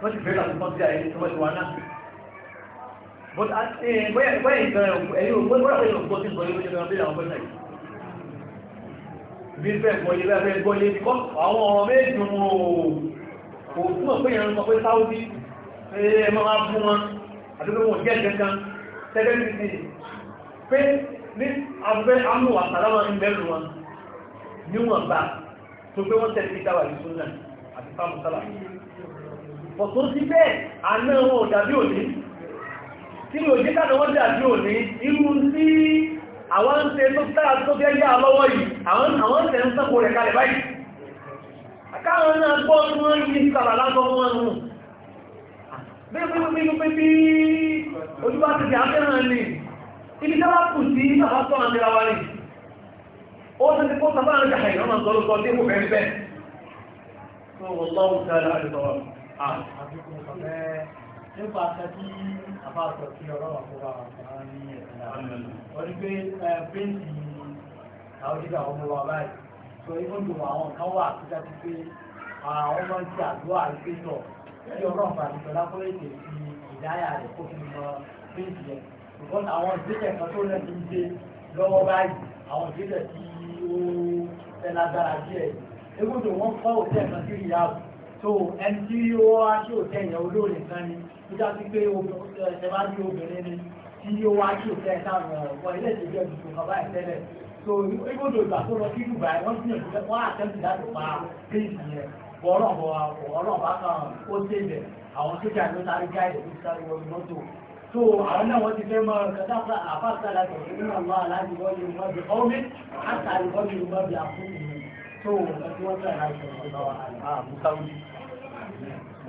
Speaker 2: wọ́n sì fẹ́ràn àti pọ́ńtì àyè tí wọ́n ti wá náà. Uh, eh, bóyá ìgbọ̀n ẹ̀yìn ògbó bóyá ìgbọ̀n ògbó ti gbọ́ yóò ṣe lọ́dún àwọn pẹ́sẹ̀ yìí. bí bẹ́ẹ̀ gbọ́ yé bẹ́ẹ̀ gbọ́ yé bíkọ́ àwọn ọ̀rọ̀ méjì mú o kò túmọ̀ pé yẹn ń sọ pé sáwọ́dí ẹ máa bú wọn àti pé wọn jẹ́ kankan tẹ́lẹ̀tì pé ní abẹ́ amúwà sàlámà ń bẹ́ẹ̀ lù wọn níwọ̀n gbà tó pé wọ́n tẹ̀lé ìdáwà ìṣúná àti fáwọn sálàmù ọ̀tọ́ sí bẹ́ẹ̀ àná wọn ò dàbí òní tí mi ò jẹ́ tàbí wọ́n dàbí òní irú sí àwọn ń tẹ tó tára tó fẹ́ yá lọ́wọ́ yìí àwọn ń tẹ ń sọ́kò rẹ̀ kalẹ̀ báyìí káwọn náà gbọ́ tí wọ́n yí sàrà lásán wọn nù bẹ́ẹ̀ bí ojúbá ti fi àfẹ́ràn ní ibi tẹ́lá kù sí bàbá tó àmì ra wa ní ó ti ti kó sábà ń jà
Speaker 4: ìrànà sọ́lọ́sọ́ tí kò fẹ́ fẹ́ Ah. nípa àtàkì àbáàtọ̀ sí ọ̀rọ̀ àkọ́bà àwọn ní ẹ̀sìnà wọ́n ní pé pẹ́ǹtì àwọn jíjà ọmọ wa báyìí sọ ikú tó àwọn kan wà tó dájú pé àwọn ọmọ ti àdúrà ìpé tọ̀ tí ọ̀rọ̀ àǹfààní pẹ̀lú akọ́lé èdè fi ìdáyà rẹ̀ kó fi mọ pẹ́ǹtì yẹn ṣùgbọ́n àwọn ìgbésẹ̀ kan tó rẹ̀ ti ń dé lọ́wọ́ báyìí àwọn ìgbésẹ̀ tí ó fẹ́ díẹ̀ ikú wọ́n kọ́ òtẹ́ kan sí ìyá so ẹni tí ó wá sí òtẹ́ ìyẹn olóòrè kan ni ó sí pé ẹ̀bá ní obìnrin ni tí ó wá sí òtẹ́ ìtàwọn ọ̀pọ̀ ilé ìṣèjọ́ ìdìbò kọ̀ọ̀bá ìtẹ́lẹ̀ so ibodò ìgbà tó lọ sí Dubai wọ́n sì yànjú wọ́n àtẹ́ǹtì láti pa péjì yẹn ọlọ́run bá kan ó tẹ̀lẹ̀ àwọn sójà ló sáré gáàdì tó sáré wọlé mọ́tò so àwọn náà wọ́n ti fẹ́ mọ́ kẹta àfáàsá láti ọ̀dọ̀ nínú àwọn aláàbí wọ́n lè mọ́ bí ọ́mí àtàlùkọ́ bí mọ́